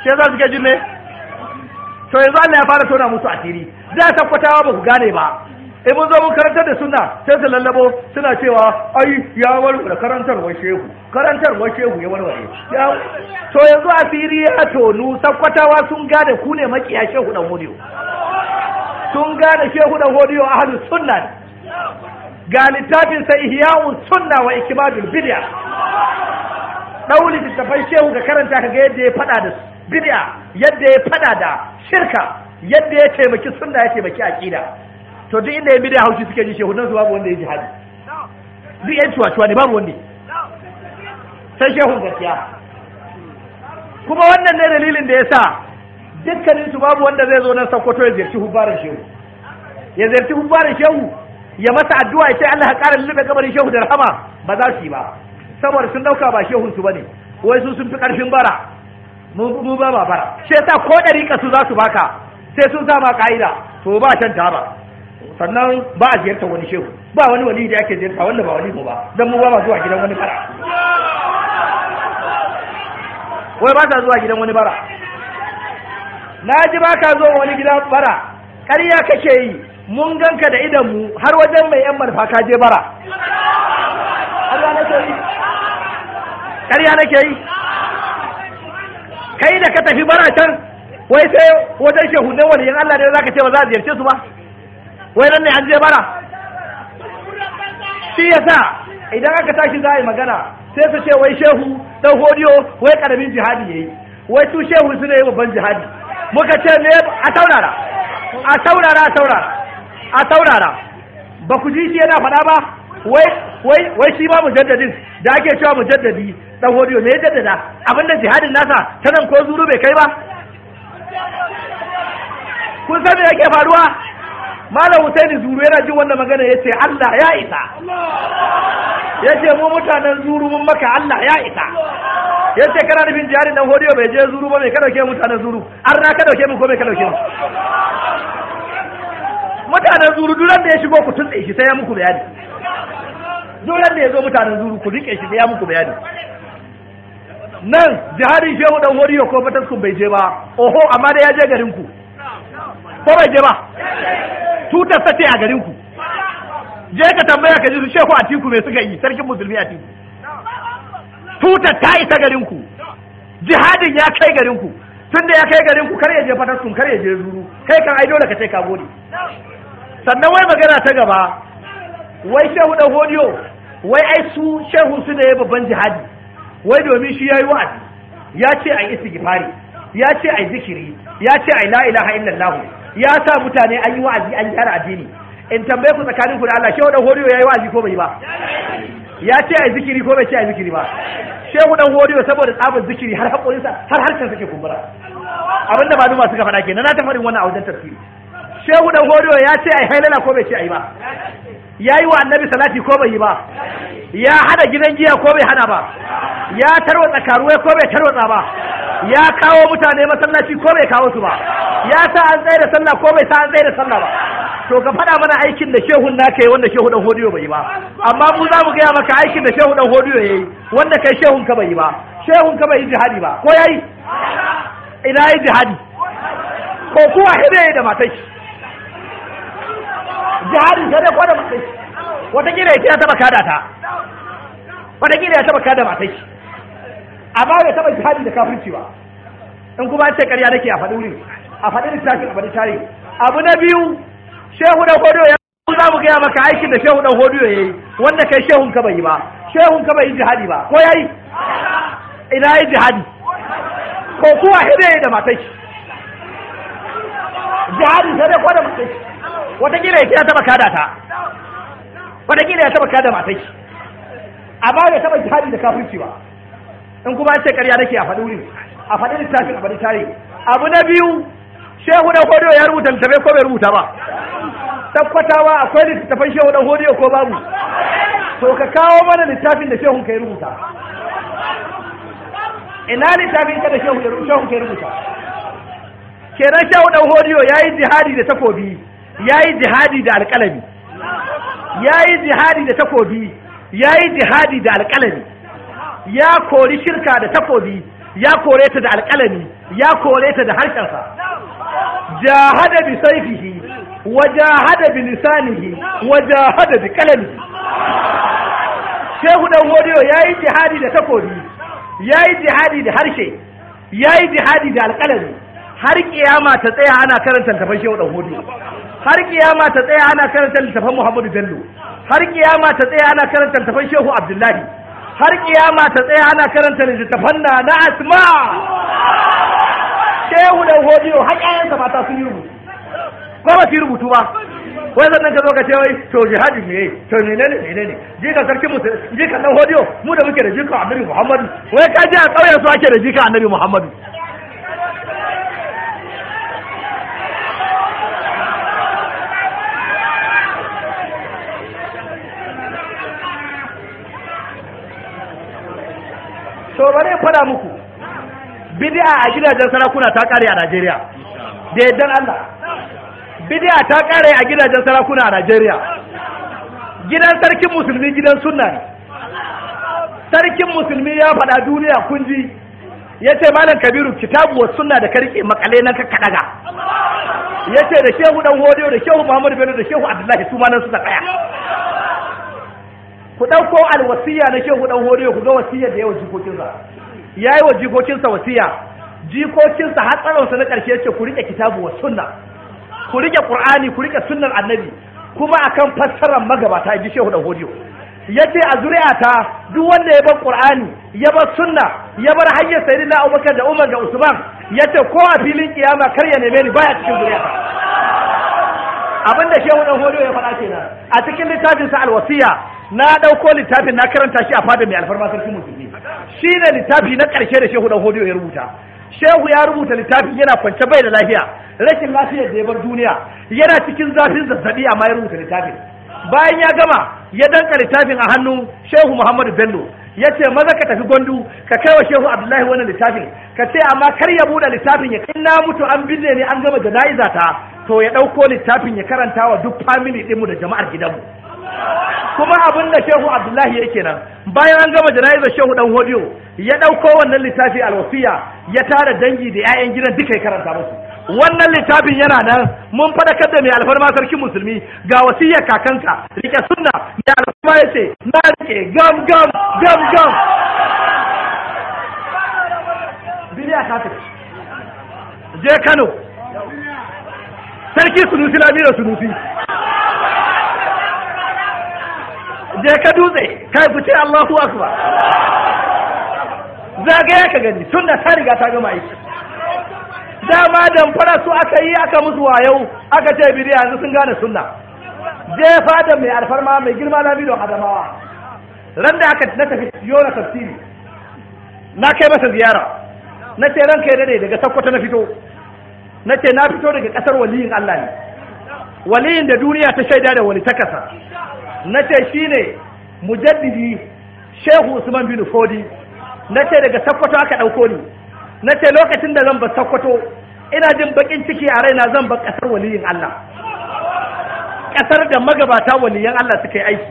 shi yasa suke ji ne to yanzu Allah ya fara tona musu asiri da tabbatawa ba ku gane ba in mun zo mun karantar da sunna sai su lallabo suna cewa ai ya warware karantarwar shehu karantarwar shehu ya warware to yanzu asiri ya tonu sakkwatawa sun gane ku ne makiya shehu dan hodiyo sun gane shehu dan hodiyo ahlu sunna ga littafin sai ihya'un sunna wa ikmadul bid'a dauli da shehu ka karanta ka ga yadda ya fada da su bid'a yadda ya fada da shirka yadda ya taimaki sunna ya taimaki aqida to duk inda ya bid'a haushi suke ji shehunan su babu wanda ya jihadi duk yan cuwa-cuwa ne babu wanda sai shehun gaskiya kuma wannan ne dalilin da ya sa dukkanin su babu wanda zai zo nan Sokoto ya ziyarci hubbarin shehu ya ziyarci hubbarin shehu ya masa addu'a ya ce Allah ka ƙara lulluɓe kabarin shehu da rahama ba za su yi ba saboda sun dauka ba shehun su bane wai su sun fi karfin bara mu ba ba bara sai yasa ko ɗari kasu za su baka sai sun sa ma ka'ida to ba shan ba sannan ba a ziyarta wani shehu ba wani wali da ake ziyarta wanda ba wali mu ba dan mu ba ma zuwa gidan wani bara wai ba ta zuwa gidan wani bara na ji ba ka zo wani gidan bara ƙarya kake yi mun ganka da idan mu har wajen mai yan manufa ka je bara ƙarya nake yi kai da ka tafi bara can wai sai wajen wani yin Allah ne zaka ce ba za a ziyarce su ba wai nan ne an je bara shi sa idan aka tashi za a yi magana sai su ce wai shehu dan hodiyo wai karamin jihadi ya yi wai su shehu su ne babban jihadi muka ce ne a saurara a saurara a saurara a saurara ba ku ji shi yana faɗa ba wai wai wai shi ma mujaddadin da ake cewa mu jaddadi dan hodiyo ne ya jaddada abinda jihadin nasa ta nan ko zuru bai kai ba kun san me yake faruwa malam husaini zuru yana jin wannan magana ya ce allah ya isa ya ce mu mutanen zuru mun maka allah ya isa ya ce kana nufin jihadin dan hodiyo bai je zuru ba mai ka mutanen zuru an na ka mu ko mai ka mu mutanen zuru duran da ya shigo ku tuntse shi sai ya muku bayani duk da ya zo mutanen zuru ku rike shi ya muku bayani nan jihadin shehu dan horiyo ko fataskun bai je ba oho amma da ya je garin ko bai je ba tutar sace a garin je ka tambaya ka ji su shehu a tiku mai suka yi sarkin musulmi a tiku tutar ta isa garinku. jihadin ya kai garinku. ku da ya kai garinku, ku kar ya je fataskun kar ya je zuru kai kan ai dole ka ce ka gode sannan wai magana ta gaba wai shehu dan hodiyo wai ai su shehu su da ya babban jihadi wai domin shi yayi wa'azi ya ce ai istighfari ya ce ai zikiri ya ce ai la ilaha illallah ya sa mutane an yi wa'azi an gyara addini in tambaye ku tsakanin ku da Allah shehu dan hodiyo yayi wa'azi ko bai ba ya ce ai zikiri ko bai ce ai zikiri ba shehu dan hodiyo saboda tsabar zikiri har hakorinsa har harkar suke kumbura abinda su suka faɗa kenan na ta faɗin wannan a wajen tafsiri shehu dan hodiyo ya ce ai hailala ko bai ce ai ba ya yi wa annabi salati ko bai yi ba ya hada gidan giya ko bai hada ba ya tarwatsa karuwai ko bai tarwatsa ba ya kawo mutane masallaci ko bai kawo su ba ya sa an tsaye da sallah ko bai sa an tsaye da sallah ba to ka faɗa mana aikin da shehun na Kai wanda shehu dan hodiyo bai yi ba amma mu za mu gaya maka aikin da shehu dan hodiyo yayi wanda kai shehun ka bai yi ba shehun ka bai yi jihadi ba ko yayi ina yi jihadi ko kuwa hidaye da matai jihadin sai dai ko da matai watakila ya taba kada ta watakila ya taba kada matai amma bai taba jihadi da kafirci ba in kuma an ce karya nake a faɗi wurin a faɗi littafin a faɗi tarihi abu na biyu shehu na hodo ya za mu gaya maka aikin da shehu na hodo ya yi wanda kai shehun ka bai yi ba shehun ka bai yi jihadi ba ko ya yi ina yi jihadi ko kuwa hidaye da matashi jihadi sai dai ko da watakila ya kira taba kada ta watakila ya taba kada matai amma bai taba jihadi da kafirci ba in kuma ce karya nake a faɗi wurin a faɗi littafin a faɗi tare abu na biyu shehu na hodiyo ya rubuta littafai ko bai rubuta ba tabbatawa akwai littafan shehu na hodiyo ko babu to ka kawo mana littafin da shehun ka ya rubuta ina littafin ka da shehu ya rubuta kenan shehu dan hodiyo yi jihadi da takobi Ya yi jihadi da alƙalami ya yi jihadi da takobi ya yi jihadi da alƙalami ya kori shirka da takobi ya kore ta da alƙalami ya kore ta da harshensa jahada bi saifihi wa jahada bi lisanihi wa jahada bi kalami shehu dan ya yi jihadi da takobi ya yi jihadi da harshe ya yi jihadi da alƙalami har ƙiyama ta tsaya ana karanta tafashe shehu dan har kiyama ta tsaya ana karanta littafan Muhammadu Bello har kiyama ta tsaya ana karanta littafan Shehu Abdullahi har kiyama ta tsaya ana karanta littafan na na Asma Shehu da Hodiyo har ƴaƴansa mata sun yi rubutu ko ba su yi rubutu ba wai sannan ka zo ka ce wai to jihadi me to menene menene jika sarki musulmi jika dan Hodiyo mu da muke da jika Annabi Muhammadu wai ka ji a ƙauyen su ake da jika Annabi Muhammadu to ya fada muku bidiya a gidajen sarakuna ta kare a Najeriya da yaddan Allah bidiya ta kare a gidajen sarakuna a Najeriya gidan sarkin musulmi gidan sunna ne sarkin musulmi ya faɗa duniya kunji ya ce malam kabiru kitabu wa sunna da karke makale nan ka kadaga ya ce da shehu dan hodiyo da shehu muhammadu bello da shehu abdullahi su ma nan suka tsaya ku ɗauko alwasiya na shehu ɗan horiyo ku ga wasiyar da yawa jikokinsa ya yi wa jikokinsa wasiya jikokinsa har tsaronsa na ƙarshe ce ku riƙe kitabu wa sunna ku riƙe ƙur'ani ku riƙe sunnar annabi kuma akan fassarar magabata ji shehu ɗan horiyo ya ce a zuri'ata duk wanda ya bar ƙur'ani ya bar sunna ya bar hanyar sayi na abubakar da umar da usman ya ce ko a filin kiyama kar ya neme ni baya cikin zuri'ata abinda shehu ɗan horiyo ya faɗa kenan a cikin littafinsa alwasiya na ɗauko littafin na karanta shi a fadar mai alfarma sarki musulmi shi ne littafi na ƙarshe da shehu ɗan hodiyo ya rubuta shehu ya rubuta littafin yana kwance bai da lafiya rashin lafiyar da ya bar duniya yana cikin zafin zazzaɓi amma ya rubuta littafin bayan ya gama ya danka littafin a hannun shehu muhammadu bello ya ce maza ka tafi gwandu ka kai wa shehu abdullahi wannan littafin ka ce amma kar ya buɗe littafin ya kai na mutu an binne ne an gama jana'iza ta to ya ɗauko littafin ya karanta wa duk famili ɗinmu da jama'ar gidanmu kuma abin da shehu abdullahi ya kenan, bayan an gama jana'izar shehu dan hodiyo ya ɗauko wannan littafi alwasiya ya tara dangi da 'ya'yan gidan duka ya karanta musu wannan littafin yana nan mun fadakar da mai alfarma sarki musulmi ga wasiyar kakanka rike sunna mai alfarma ya ce na rike gam gam gam gam biliya kafin je kano sarki sunusi lamira sunusi je ka dutse kai ku ce Allahu akbar ya ka gani sunna ta riga ta gama aiki dama fara su aka yi aka musu yau aka ce bidi yanzu sun gane sunna je fada mai alfarma mai girma na bidon adamawa ran da aka na tafi yona tafsiri na kai masa ziyara na ce ran kai dade daga sakkwata na fito na ce na fito daga kasar waliyin Allah ne waliyin da duniya ta shaida da wani ta kasa. na ce shi ne mujaddidi shehu usman bin fodi na ce daga sakkwato aka ɗauko ni na ce lokacin da zan ba sakkwato ina jin baƙin ciki a raina zan ba ƙasar waliyin allah ƙasar da magabata waliyan allah suka yi aiki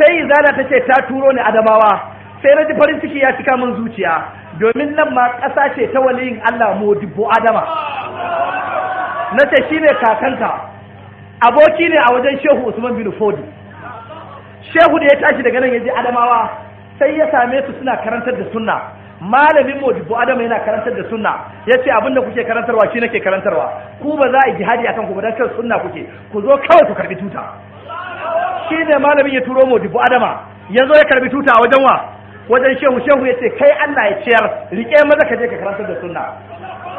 sai izana ta ce ta turo ni adamawa sai na ji farin ciki ya cika min zuciya domin nan ma ƙasa ce ta waliyin allah mu dubbo adama na ce shi ne kakanka aboki ne a wajen shehu usman bin fodi shehu da ya tashi daga nan ya je adamawa sai ya same su suna karantar da sunna malamin modibo adama yana karantar da sunna ya ce abinda kuke karantarwa shi nake karantarwa ku ba za a yi jihadi akan ku ba dan kan sunna kuke ku zo kawai ku karbi tuta shi ne malamin ya turo modibo adama yanzu ya karbi tuta a wajen wa wajen shehu shehu ya ce kai allah ya ciyar riƙe maza ka je ka karantar da sunna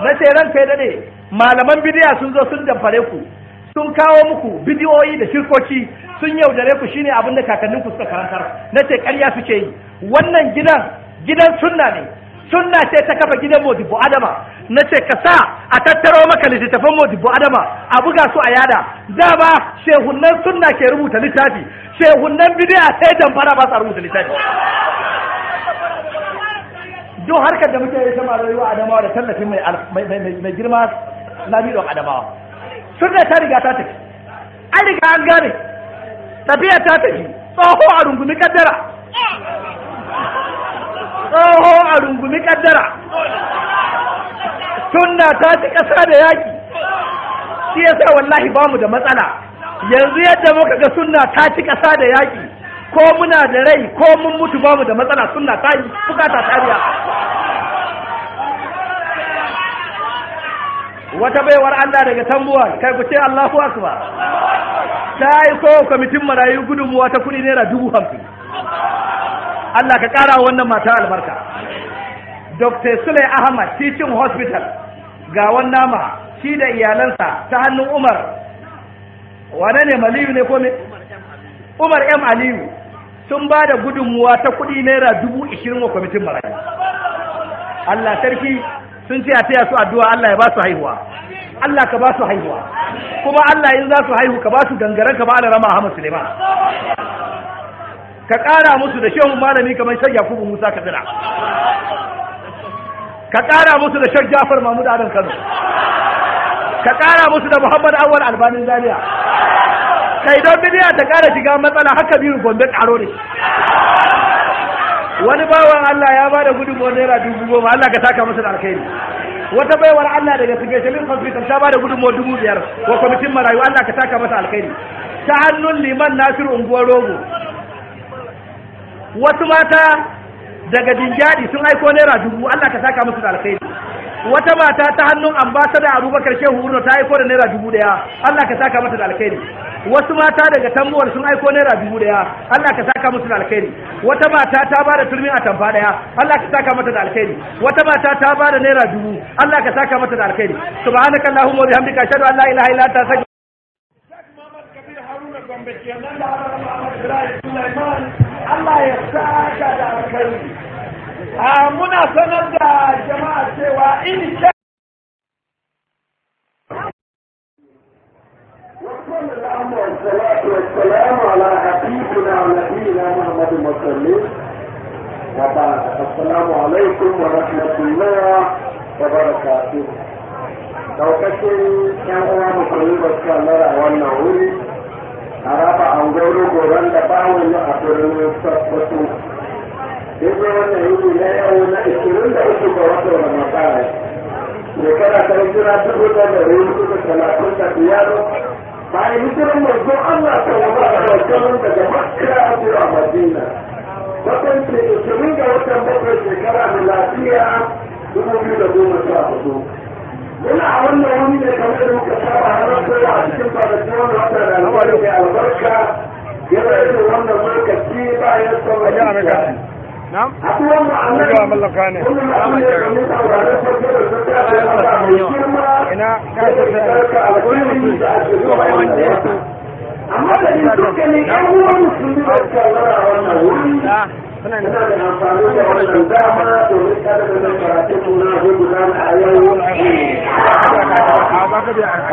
na ce ran kai dade malaman bidiya sun zo sun damfare ku sun kawo muku bidiyoyi da shirkoki sun yaudare ku shine abin da kakanninku suka karantar na ce ƙarya suke yi wannan gidan gidan sunna ne sunna ce ta kafa gidan modibo adama na ce ka sa a tattaro maka littattafan modibo adama a buga su a yada ba shehunan sunna ke rubuta littafi shehunan bidiya sai damfara ba sa rubuta littafi don harkar da muke yi ta marayu adamawa da tallafin mai girma na bidon adamawa sunna ta riga ta tafi an riga an gane tafiya ta tafi tsoho a rungumi kaddara tsoho a rungumi kaddara sunna ta ci ƙasa da yaƙi shi yasa wallahi bamu da matsala yanzu yadda muka ga sunna ta ci ƙasa da yaƙi ko muna da rai ko mun mutu bamu da matsala sunna ta yi fukata ta riya wata baiwar Allah daga tambuwa kai ku ce Allahu akbar ta yi ko kwamitin marayu gudunmuwa ta kudi naira dubu hamsin Allah ka kara wannan mata albarka Dr. Sule Ahmad Teaching Hospital ga wannan ma shi da iyalansa ta hannun Umar wane ne Maliyu ne ko ne Umar M Aliyu sun ba da gudunmuwa ta kudi naira dubu ishirin wa kwamitin marayu Allah sarki sun ce a taya su addu'a Allah ya ba su haihuwa Allah ka ba su haihuwa kuma Allah in za su haihu ka ba su gangaren ka ba da rama Ahmad Suleiman ka ƙara musu da shehu malami kamar shek Yakubu Musa Katsina ka ƙara musu da shek Jafar Mahmud Adam Kano ka ƙara musu da Muhammad Awwal Albanin Zaria kai don duniya ta ƙara shiga matsala haka biyu gombe ƙaro ne wani bawan Allah ya ba da gudunmuwar naira dubu goma Allah ka saka masa da alkhairi wata baiwar Allah daga min hospital ta ba da gudunmuwar dubu biyar wa kwamitin marayu Allah ka saka masa alkhairi ta hannun liman nasiru unguwar rogo wasu mata daga dinjadi sun aiko naira dubu Allah ka saka masu da alkhairi wata mata ta hannun ambasada abubakar shehu urno ta aiko da naira dubu daya allah ka saka mata da alkhairi wasu mata daga tambuwar sun aiko naira dubu daya allah ka saka mata da alkhairi wata mata ta ba da turmin atamfa daya allah ka saka mata da alkhairi wata mata ta ba da naira dubu allah ka saka mata da alkhairi subhanaka allahumma wa bihamdika ashhadu an la ilaha illa anta astaghfiruka Allah ya saka da alkhairi muna sanar da jama'a cewa in sha والصلاة والسلام على حبيبنا alaikum محمد المصلي وبعد السلام عليكم ورحمة الله وبركاته daukacin yan uwa musulmi ba su kallara a wannan wuri a raba an gauru goron da bawon a birnin إذا وانا يقول لا يقول اشترون ده اسم فواكه ولا مطاعي وكان ترجونا تقول ده يقول كما كنت قيامه يعني مثل الموضوع الله صلى الله عليه وسلم ده مكة في المدينة فكنت اشترون ده وكان بطرس الكلام العافية وموجود ابو مساعده ولا عملنا ومين كمان مكتبة على نفسه عشان بعد الجوان ربنا هو اللي على بركة يبقى انه وانا بركة كتير na'am ga mallaka ina ka da ni a da amfani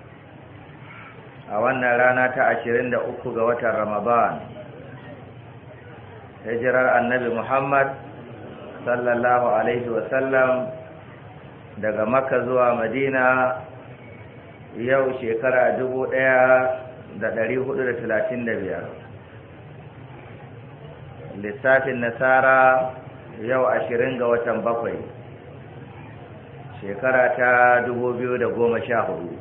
a wannan rana ta ashirin da uku ga watan Ramadan hijirar annabi Muhammad sallallahu alaihi wasallam daga Makka zuwa Madina yau shekara dubu da da da hudu talatin biyar, lissafin nasara yau ashirin ga watan bakwai shekara ta dubu biyu da goma sha hudu.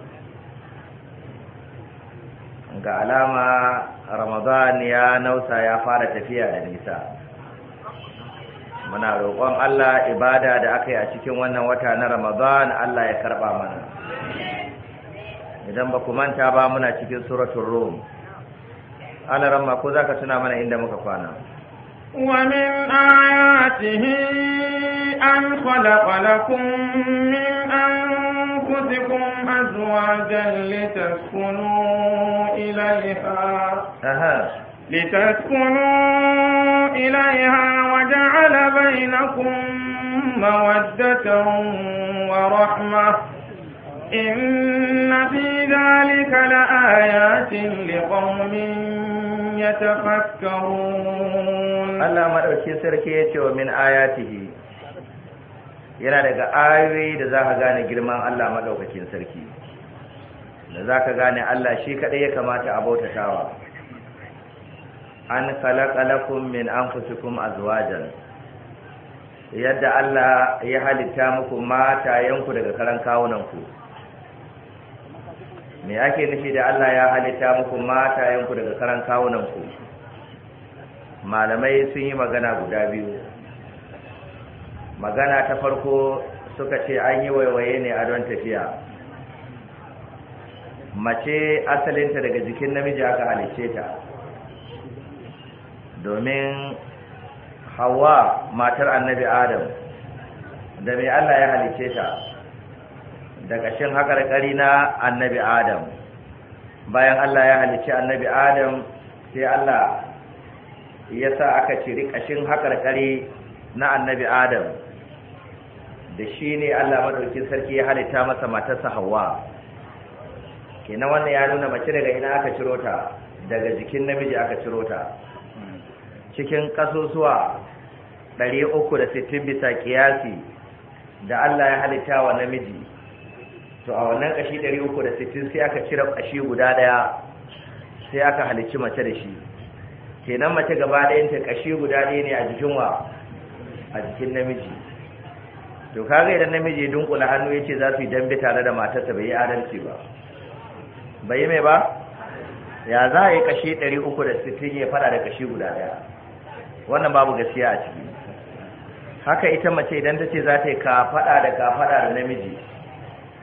ga alama ramadan ya nausa ya fara tafiya da nisa muna roƙon Allah ibada da aka yi a cikin wannan wata na ramadan Allah ya karɓa mana idan ba ku manta ba muna cikin suratun rum ana ramma ko za ka tuna mana inda muka kwana ومن آياته أن خلق لكم من أنفسكم أنفسكم أزواجا لتسكنوا إليها أها. لتسكنوا إليها وجعل بينكم مودة ورحمة إن في ذلك لآيات لقوم يتفكرون الله ما أرشي سركي من آياته yana daga ayoyi da za ka gane girman Allah maɗaukakin sarki da za ka gane Allah shi kaɗai ya kamata a bautatawa an kalakalakun min an fusikun azuwajen yadda Allah ya halitta muku matayenku daga karan kawunanku me ake nufi da Allah ya halitta muku matayenku daga karan kawunanku malamai sun yi magana guda biyu magana ta farko suka ce an yi waiwaye ne a don tafiya mace asalinta daga jikin namiji aka halice ta domin hawa matar annabi adam da mai allah ya halice ta daga shin haƙarƙari na annabi adam bayan allah ya halice annabi adam sai allah ya sa aka ciri ƙashin haƙarƙari na annabi adam da shi ne Allah madaukin sarki ya halitta masa matarsa Hawwa kenan wannan ya nuna mace daga ina aka ciro ta daga jikin namiji aka ciro ta cikin kasusuwa 360 bisa kiyasi da Allah ya halitta wa namiji to a wannan kashi 360 sai aka cire kashi guda daya sai aka halicci mace da shi kenan mace gaba ɗayanta kashi guda ɗaya ne a jikin wa a jikin namiji to kaga idan namiji ya dunkula hannu yace za su yi dambe tare da matarsa bai yi adalci ba bai mai ba ya za a yi kashe 360 ya fada da kashe guda daya wannan babu gaskiya a ciki haka ita mace idan ta ce za ta yi fada da kafaɗa da namiji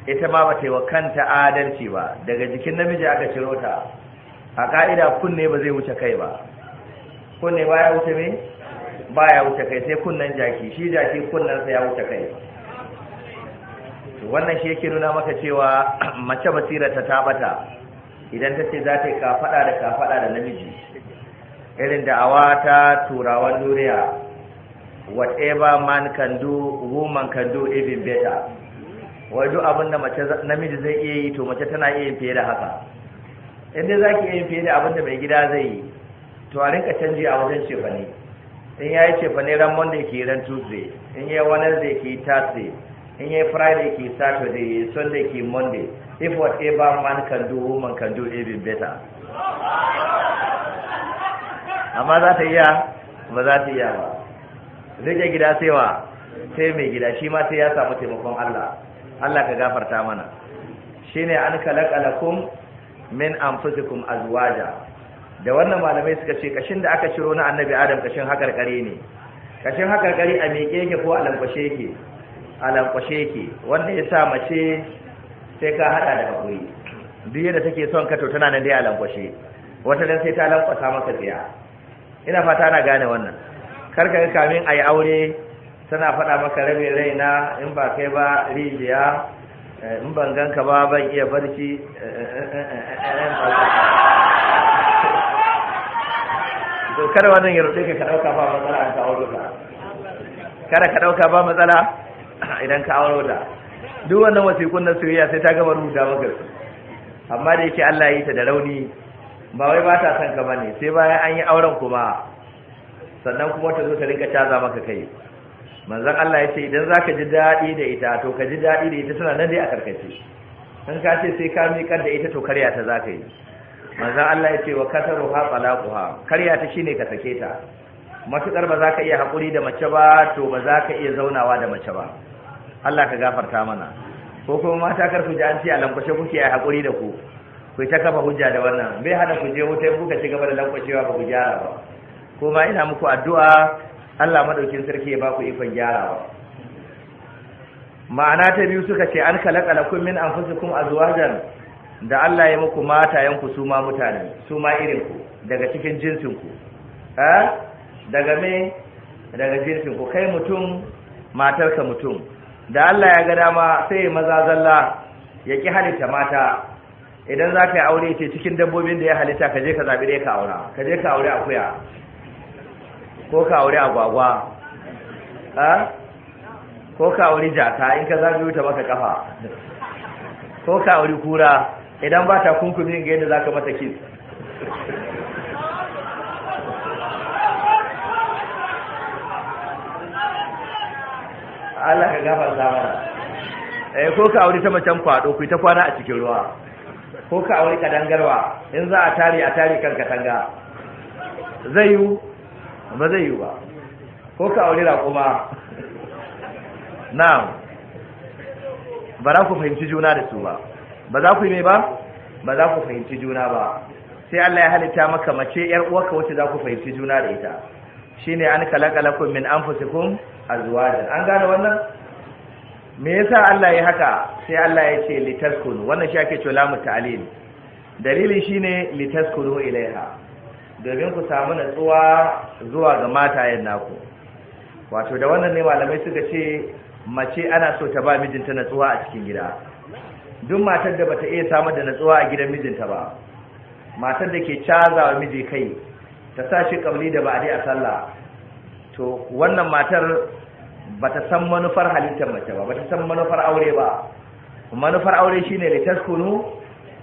ita ma ba ta yi wa kanta adalci ba daga jikin namiji aka ciro ta a ka'ida kunne ba zai wuce kai ba kunne ba wuce me baya wuce kai sai kunnan jaki shi jaki kunnan sa ya wuce kai wannan shi yake nuna maka cewa mace basira ta tabata idan ta ce za ta yi kafaɗa da kafaɗa da namiji irin da awa ta turawan duniya whatever man can do woman can do even better wai duk abin da mace namiji zai iya yi to mace tana iya yin fiye da haka inda za ki iya yin fiye da abin da mai gida zai yi to a rinka canji a wajen shefane in ya yi cefa ne ran monday ke ran tuesday in ya yi wednesday ke thursday in ya yi friday ke saturday sunday ke monday if whatever man can do woman can do even better amma za ta iya ba za ta iya ba rike gida sai wa sai mai gida shi ma sai ya samu taimakon Allah Allah ka gafarta mana shine an kalakalakum min amfusikum azwaja da wannan malamai suka ce kashin da aka ciro na annabi adam kashin kare ne kashin kare a meke yake ko a lankwashe yake a lankwashe yake wanda ya sa mace sai ka hada da hakuri duk yadda take son ka to tana nan dai a lankwashe wata dan sai ta lankwasa maka tsiya ina fata na gane wannan kar ka kamin ayi aure tana faɗa maka rabin raina in ba kai ba rijiya in ban ganka ba ban iya barci kada wannan ya roƙe ka ka ɗauka ba matsala an ka da kada ka ɗauka ba matsala idan ka auro da duk wannan wasiƙun na soyayya sai ta gama rubuta maka amma da yake Allah yi ta da rauni ba wai ba ta son ka bane sai bayan an yi auren kuma sannan kuma ta zo ta rinka caza maka kai manzon Allah ya ce idan zaka ji daɗi da ita to ka ji daɗi da ita tana nan dai a karkace in ka ce sai ka miƙar da ita to karya ta zaka yi manzon Allah ya ce wa kasaru ha talaquha karya ta ne ka sake ta matukar ba za ka iya haƙuri da mace ba to ba za ka iya zaunawa da mace ba Allah ka gafarta mana ko kuma mata kar ku ji an ce a lankwashe kuke yi haƙuri da ku ku ta kafa hujja da wannan bai hana ku je wuta kuka ci gaba da lankwashewa ba ku gyara ba kuma ina muku addu'a Allah madaukin sarki ya ba ku ikon gyarawa ma'ana ta biyu suka ce an kun min anfusikum azwajan da Allah ya muku matayenku su ma mutane su ma irinku daga cikin jinsinku eh daga me daga jinsinku kai mutum matarka mutum da Allah ya ga dama sai ya maza zalla ya ki halitta mata idan za ka yi aure ce cikin dabbobin da ya halitta ka je ka zaɓi dai ka aura ka je ka aure akuya ko ka aure agwagwa ko ka aure jaka in ka zaɓi wuta maka kafa ko ka aure kura idan ba ta kunkumi ga yadda za ka mata kis Allah ka gafa mana eh ko ka aure ta macen kwado ku ta kwana a cikin ruwa ko ka aure ka dangarwa in za a tare a tare kanka tanga zai yu ba zai yu ba ko ka aure ra kuma na'am bara ku fahimci juna da su ba ba za ku yi mai ba ba za ku fahimci juna ba sai Allah ya halitta maka mace yar uwarka wacce za ku fahimci juna da ita shine an kalakalakum min anfusikum azwaja an gane wannan me yasa Allah ya haka sai Allah ya ce litaskunu wannan shi ake cewa lamu ta'lil dalili shine litaskunu ilaiha domin ku samu natsuwa zuwa ga matayen naku wato da wannan ne malamai suka ce mace ana so ta ba mijinta natsuwa a cikin gida duk matar da bata iya samar da natsuwa a gidan mijinta ba matar da ke cazawa miji kai ta sa shi kabli da ba a sallah to wannan matar bata san manufar halittar mace ba bata san manufar aure ba manufar aure shine litaskunu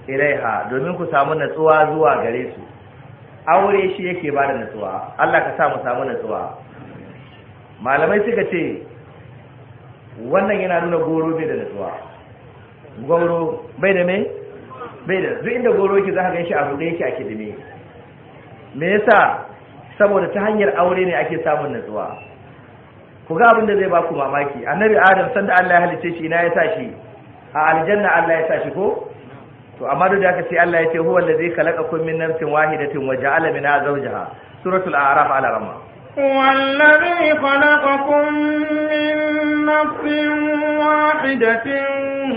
ilaiha domin ku samu natsuwa zuwa gare su aure shi yake ba da natsuwa Allah ka sa mu samu natsuwa malamai suka ce wannan yana nuna gorobe da natsuwa goro bai da mai bai da zuwa inda goro yake za a gaishe a rude yake a kidime me yasa saboda ta hanyar aure ne ake samun natsuwa ku ga abin da zai baku ku mamaki annabi adam sanda Allah ya halice shi ina ya sa shi a aljanna Allah ya sa shi ko to amma da aka ce Allah ya ce huwa allazi khalaqakum min nafsin wahidatin wa ja'ala minha zawjaha suratul a'raf ala ramma هو الذي خلقكم من نفس واحدة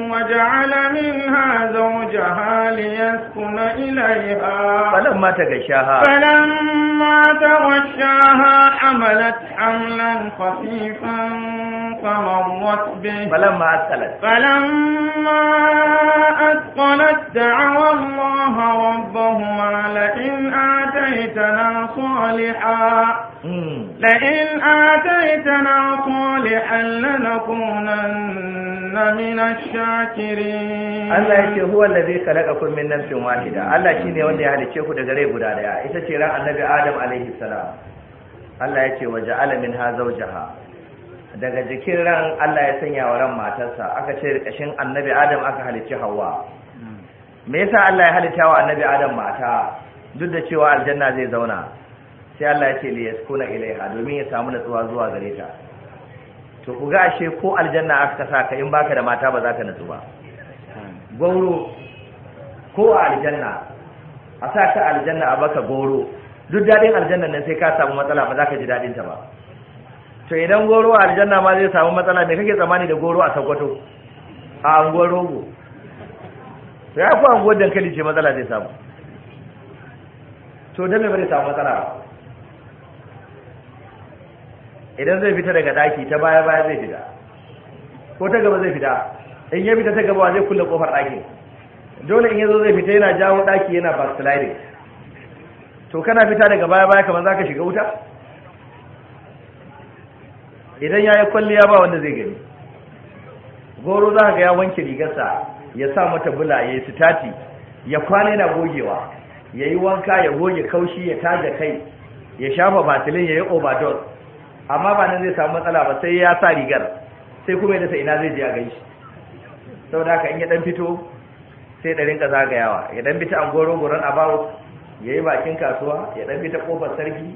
وجعل منها زوجها ليسكن إليها فلما تغشاها فلما تغشاها حملت حملا خفيفا فمرت به فلما أثقلت فلما أثقلت دعوا الله ربهما لئن آتيتنا صالحا Hmm. لئن آتيتنا صالحا لنكونن من الشاكرين الله yake هو الذي khalaqakum من نفس واحدة الله shine wanda ya halice ku daga rai guda daya ita ce ran annabi Adam alaihi salam Allah yake waja'ala minha daga jikin ran Allah ya sanya wa ran matarsa aka ce kashin annabi Adam aka halicci Hawwa hmm. me yasa Allah ya halitta wa annabi Adam mata duk da cewa aljanna zai zauna sai Allah ya ce li ilaiha domin ya samu natsuwa zuwa gare ta to ku ga ashe ko aljanna aka kasa ka in baka da mata ba za ka natsu ba goro ko a aljanna a sa ka aljanna a baka goro duk daɗin aljanna nan sai ka samu matsala ba za ka ji daɗin ta ba to idan goro a aljanna ma zai samu matsala me kake tsammani da goro a sakwato a anguwar rogo to ya ku anguwar dankali ce matsala zai samu to dan me ba zai samu matsala ba idan zai fita daga daki ta baya baya zai fita ko ta gaba zai fita in ya fita ta gaba zai kulle kofar daki dole in yazo zai fita yana jawo daki yana backsliding to kana fita daga baya baya kamar zaka shiga wuta idan yayi kwalliya ba wanda zai gani goro za ga ya wanke rigarsa ya sa mata bula ya yi sitati ya kwana yana gogewa ya yi wanka ya goge kaushi ya taja kai ya shafa batilin ya yi overdose amma ba nan zai samu matsala ba sai ya sa rigar sai kuma ya dasa ina zai je a gaishe saboda haka in ya dan fito sai da rinka zagayawa ya dan fita an goro goron about ya yi bakin kasuwa ya dan fita kofar sarki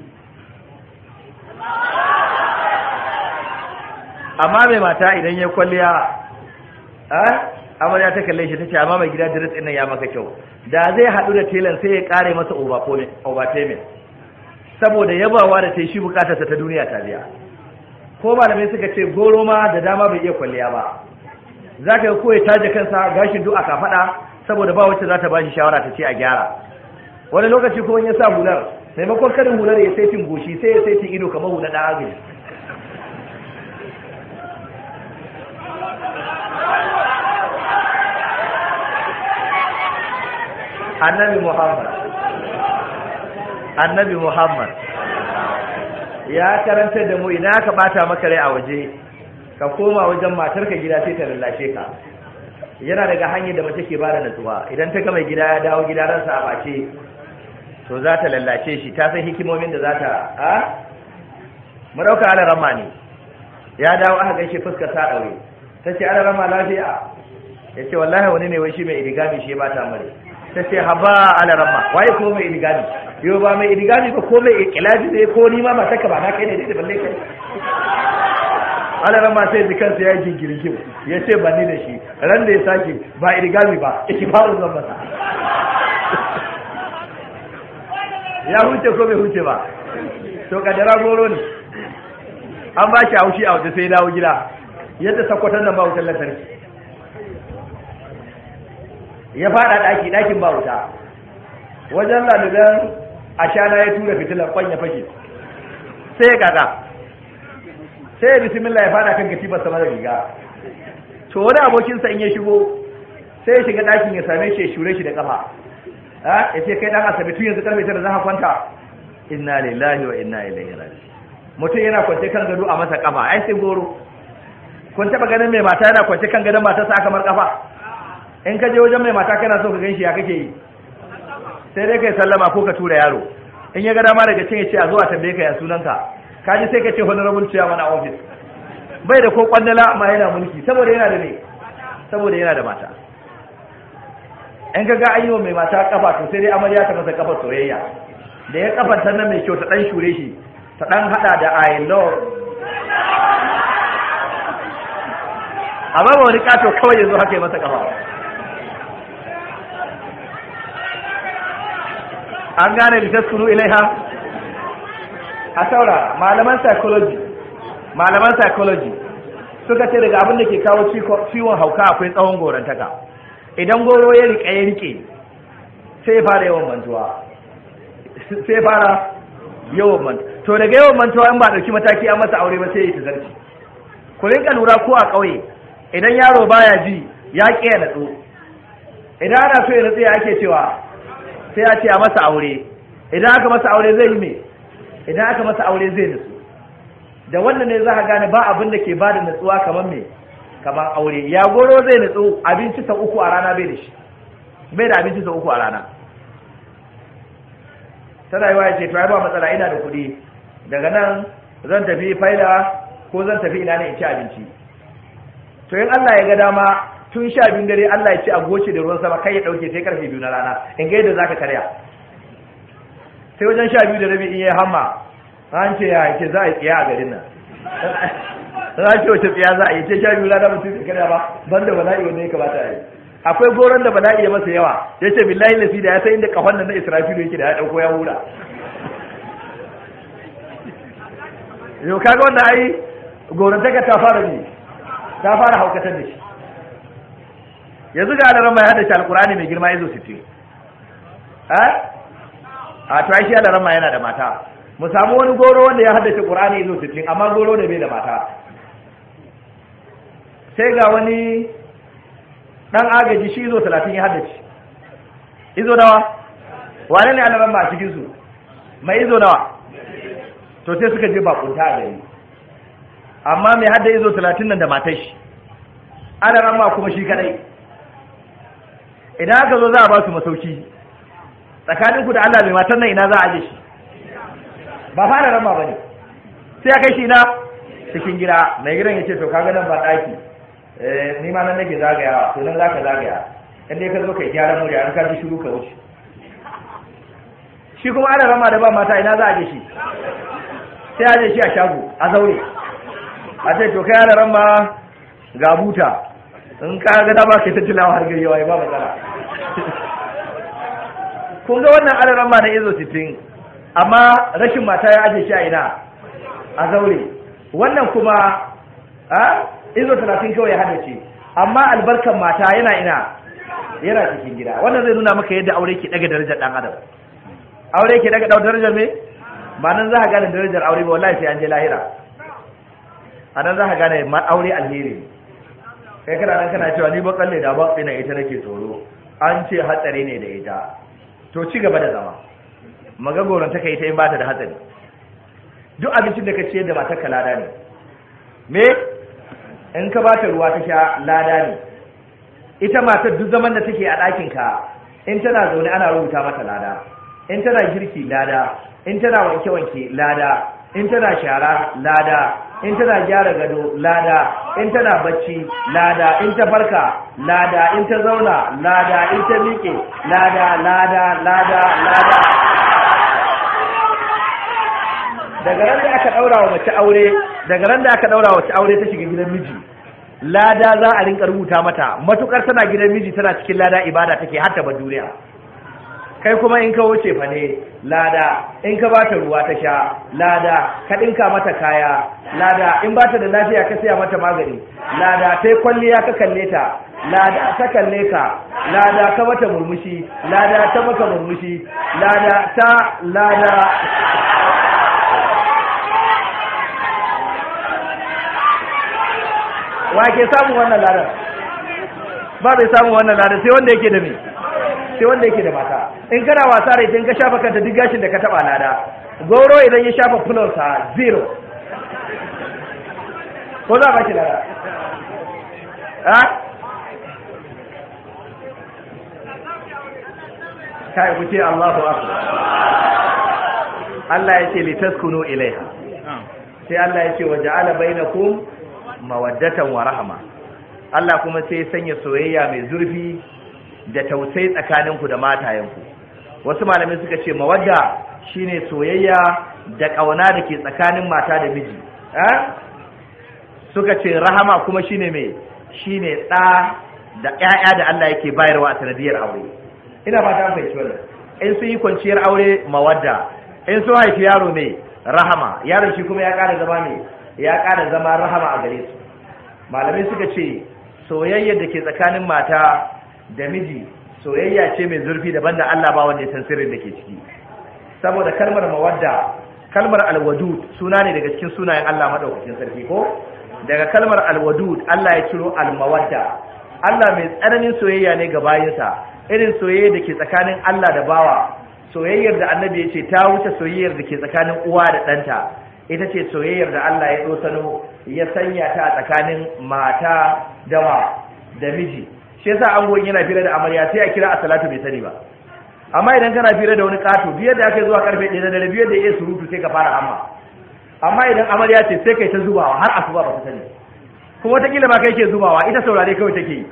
amma mai mata idan ya kwalliya ah, amarya ta kalle shi ta ce amma mai gida diris ɗin nan ya maka kyau da zai haɗu da telan sai ya ƙare masa overpayment saboda yabawa da ta yi shi bukatarsa ta duniya ta biya ko malamai suka ce goro ma da dama bai iya kwalliya ba za ka ko ya taje kansa gashin du'a ka faɗa saboda ba wacce za ta bashi shawara ta ce a gyara wani lokaci ko ya sa hular maimakon karin hular ya saitin goshi sai ya saitin ido kamar hular ɗan agri annabi muhammad annabi Muhammad ya karanta da mu idan aka bata maka rai a waje ka koma wajen matarka gida sai ta lallashe ka yana daga hanyar da mace ke bada natsuwa idan ta gama gida ya dawo gida ransa a bace to za ta lallace shi ta san hikimomin da za ta a mu ala alarama ne ya dawo aka gaishe fuskar sa daure ta ce alarama lafiya ya ce wallahi wani ne wai shi mai idigami shi ya bata mare ta ce haba alarama waye ko mai idigami yau ba mai ne ba ko mai ikilaji ne ko ni ma matarka ba na kai ne da balle kai alaran ma sai jikan kansa ya gingirgim ya ce ba ni da shi ran da ya sake ba idigami ba ba zan masa ya huce ko bai huce ba to kadara goro ne an ba shi wuce a wuce sai dawo gida yadda sakwatar nan ba wutar lantarki ya fada daki dakin ba wuta wajen laluben ashana ya tura fitilar kwan ya fage sai ya gaga sai ya bismillah ya fada kan katifa sama da riga to wani abokinsa in ya shigo sai ya shiga ɗakin ya same shi ya shure shi da ƙafa ya ce kai ɗan asabi tun yanzu karfe tara za ka kwanta inna lillahi wa inna ilaihi raji mutum yana kwance kan gado a masa kafa ai sai goro kun taɓa ganin mai mata yana kwance kan gadon matarsa aka mar ƙafa in ka je wajen mai mata kana so ka gan shi ya kake yi sai dai kai sallama ko ka tura yaro in ya ga dama daga cin ya ce a zuwa tambaye ka ya sunanka ka ji sai ka ce honorable chairman a office bai da ko kwandala amma yana mulki saboda yana da ne saboda yana da mata in ka ga ayyo mai mata kafa to sai dai amarya ta masa kafa soyayya da ya kafa ta nan mai kyau ta dan shure shi ta dan hada da i love amma ba wani kato kawai yanzu haka yi masa kafa an gane da taskuru ilaiha a saura malaman psychology malaman psychology suka ce daga abin da ke kawo ciwon hauka akwai tsawon gorantaka idan goro ya rike ya rike sai fara yawan mantuwa sai fara yawan mantuwa to daga yawan mantuwa in ba dauki mataki an masa aure ba sai ya tazarci ku rinka lura ko a ƙauye idan yaro baya ji ya ƙi ya natsu idan ana so ya natsu ya ake cewa sai a ce a masa aure idan aka masa aure zai yi me idan aka masa aure zai nutsu da wannan ne za ka gane ba abin da ke bada nutsuwa kamar me kamar aure ya goro zai nutsu abinci sau uku a rana bai da shi bai da abinci sau uku a rana ta rayuwa ya ce to ai ba matsala ina da kuɗi daga nan zan tafi faila ko zan tafi ina ne in ci abinci to in Allah ya ga dama tun sha biyun dare Allah ya ce a goce da ruwan sama kai ya dauke sai karfe biyu na rana in ga yadda zaka karya sai wajen sha biyu da rabi in ya hamma an ce ya ke za a yi tsiya a garin nan za ce wace tsiya za a yi ce sha biyu rana mutum sai karya ba banda bala'i wanda ya kamata a yi akwai goron da bala'i ya masa yawa ya ce billahi nasi da ya san inda kafan nan na israfilu yake da ya dauko ya hura yau kaga wanda ayi gorantaka ta fara ne ta fara haukatar da shi yanzu ga alaran mai shi alkurani mai girma izo sittin eh? a to ai shi alaran yana da mata mu samu wani goro wanda ya haddace qur'ani izo sittin amma goro da bai da mata sai ga wani dan agaji shi izo talatin ya haddace izo nawa wane ne alaran a cikin su mai izo nawa to sai suka je bakunta a gari amma mai hadda izo talatin nan da matar shi alaran ma kuma shi kadai idan aka zo za a ba su masauki tsakaninku da Allah mai matan nan ina za a je shi ba fara rama ba ne sai ya kai shi na cikin gida mai gidan ya ce to kaga nan ba ɗaki eh, ni ma nan nake zagaya, to nan za ka zagaya in dai ka zo kai gyaran murya an ka ji shiru ka wuce shi kuma ana rama da ba mata ina za a je shi sai je shi a shago a zaure a ce to kai ana rama ga buta in ka ga dama kai ta tilawa har gari waye ba matsala kun ga wannan adadin ma na izo sittin amma rashin mata ya ajiye shi a ina a zaure wannan kuma a izo talatin kawai ya hada ce amma albarkan mata yana ina yana cikin gida wannan zai nuna maka yadda aure ke daga darajar dan adam aure ke daga darajar me ba nan za ka gane darajar aure ba wallahi sai an je lahira a nan za ka gane aure alheri kai kana nan kana cewa ni ba kalle da ba ina ita nake tsoro an ce hatsari ne da ita to ci gaba da zama magagoron ta kai ta in bata da hatsari duk abincin da ka ciyar da matar lada ne me in ka bata ruwa ta sha lada ne ita matar duk zaman da take a ɗakin ka in tana zaune ana rubuta mata lada in tana girki lada in tana wanke-wanke lada in tana shara lada in tana gyara gado lada in tana bacci lada in ta farka lada in ta zauna lada in ta miƙe lada lada lada lada daga ran da aka ɗaura wa mace aure daga ran aka daura wa mace aure ta shiga gidan miji lada za a rinka rubuta mata Matuƙar tana gidan miji tana cikin lada ibada take har ta bar duniya kai kuma in ka wuce fa ne lada in ka bata ruwa ta sha lada ka dinka mata kaya lada in bata da lafiya ka siya mata magani lada sai kwalliya ka kalle ta lada ta kalle ka lada ka mata murmushi lada ta maka murmushi lada ta lada wa ke samun wannan lada ba zai samun wannan lada sai wanda yake da ni? ce wanda yake da mata in kana wasa da ita ka shafa kanta duk gashin da ka taba lada goro idan ya shafa fulonsa zero ko za ka ki lada ha kai ku ce Allahu akbar Allah ya ce litaskunu ilaiha sai Allah ya ce wa ja'ala bainakum mawaddatan wa rahma Allah kuma sai ya sanya soyayya mai zurfi da tausayi tsakaninku da matayenku wasu malamai suka ce mawadda shine soyayya da ƙauna da ke tsakanin mata da miji suka ce rahama kuma shine mai shine ɗa da ƴaƴa da Allah yake bayarwa a sanadiyar aure ina ba ta fahimci wannan in sun yi kwanciyar aure mawadda in sun haifi yaro ne rahama yaron shi kuma ya ƙara zama ne ya ƙara zama rahama a gare su malamai suka ce soyayya da ke tsakanin mata da miji soyayya ce mai zurfi daban da Allah ba wanda ya san sirrin da ke ciki saboda kalmar mawadda kalmar alwadud suna ne daga cikin sunayen Allah madaukakin sarki ko daga kalmar alwadud Allah ya ciro almawadda Allah mai tsananin soyayya ne ga bayinsa irin soyayya da ke tsakanin Allah da bawa soyayyar da annabi ya ce ta wuce soyayyar da ke tsakanin uwa da ɗanta ita ce soyayyar da Allah ya ɗosano ya sanya ta a tsakanin mata dawa da miji shi yasa goyi yana fira da amarya sai a kira a salatu bai sani ba amma idan kana fira da wani kato biyar da aka zuwa karfe 1 da dare biyar da ya surutu sai ka fara amma amma idan amarya ce sai kai ta zubawa har asuba ba ta sani kuma kila ma kai ke zubawa ita saurare kawai take yi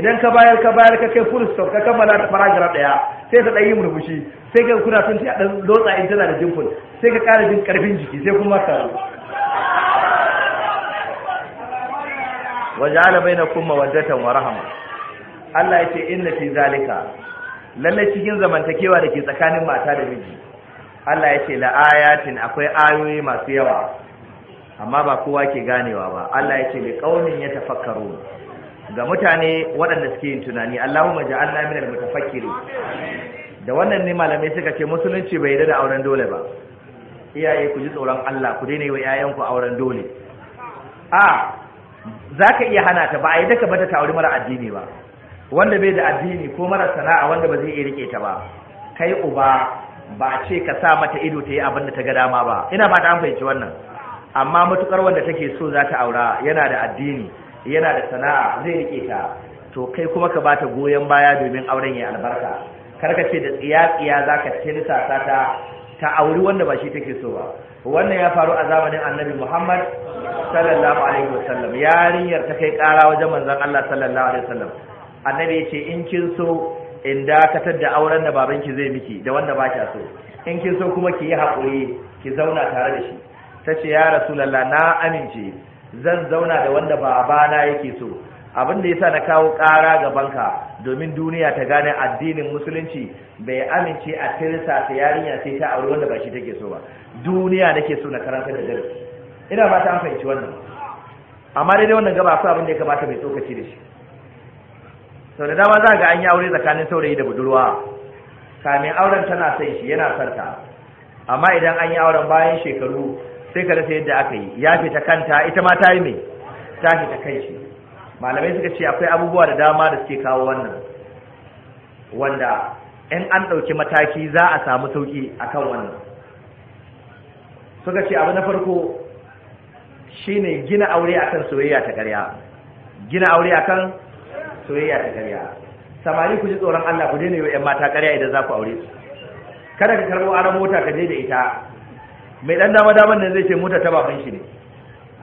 idan ka bayar ka bayar ka kai full stop ka kammala ta paragraph daya sai ta yi murmushi sai ka kuna tunti a dan lotsa in tana da jinkun, sai ka kara jin karfin jiki sai kuma ka na bainakum mawaddatan wa rahmah Allah ya ce inna fi zalika lalle cikin zamantakewa da ke tsakanin mata da miji Allah ya ce la ayatin akwai ayoyi masu yawa amma ba kowa ke ganewa ba Allah ya ce li ya tafakkaru. ga mutane waɗanda suke yin tunani Allahumma ja'alna minal mutafakkirin da wannan ne malamai suka ce musulunci bai yarda da auren dole ba iyaye ku ji tsoron Allah ku daina yi wa 'ya'yanku auren dole a zaka ka iya hana ta ba a yi daka bata ta aure mara addini ba wanda bai da addini ko mara sana'a wanda ba zai iya rike ta ba kai uba ba ce ka sa mata ido ta yi abin da ta ga dama ba ina ba ta an fahimci wannan amma matukar wanda take so za ta aura yana da addini yana da sana'a zai rike ta to kai kuma ka bata goyon baya domin auren ya albarka kar ka ce da tsiya tsiya zaka tilsa ta ta auri wanda ba shi take so ba wannan ya faru a zamanin annabi Muhammad sallallahu alaihi wasallam yarinyar ta kai kara wajen manzon Allah sallallahu alaihi wasallam annabi ya ce in kin so in dakatar da auren da babanki zai miki da wanda ba kya so in kin so kuma ki yi haƙuri ki zauna tare da shi ta ce ya rasulallah na amince zan zauna da wanda babana yake so abin da yasa na kawo ƙara ka domin duniya ta gane addinin musulunci bai amince a tirsa ta yarinya sai ta aure wanda ba shi take so ba duniya nake so na karanta da darasi ina ba ta amfani wannan amma dai wannan gaba su abin da ya kamata mai tsokaci da shi sau da dama za ga an yi aure tsakanin saurayi da budurwa kamin auren tana son shi yana son amma idan an yi auren bayan shekaru sai ka rasa yadda aka yi ya fita kanta ita ma ta yi mai ta fita kai shi malamai suka ce akwai abubuwa da dama da suke kawo wannan wanda in an ɗauki mataki za a samu sauƙi a kan wannan suka ce abu na farko shine gina aure akan soyayya ta ƙarya gina aure akan soyayya ta karya samari ku ji tsoron Allah ku daina yi wa ƴan mata ƙarya idan za ku aure su kada ka karɓo aron mota ka je da ita mai ɗan dama daman nan zai ce mota ta baban shi ne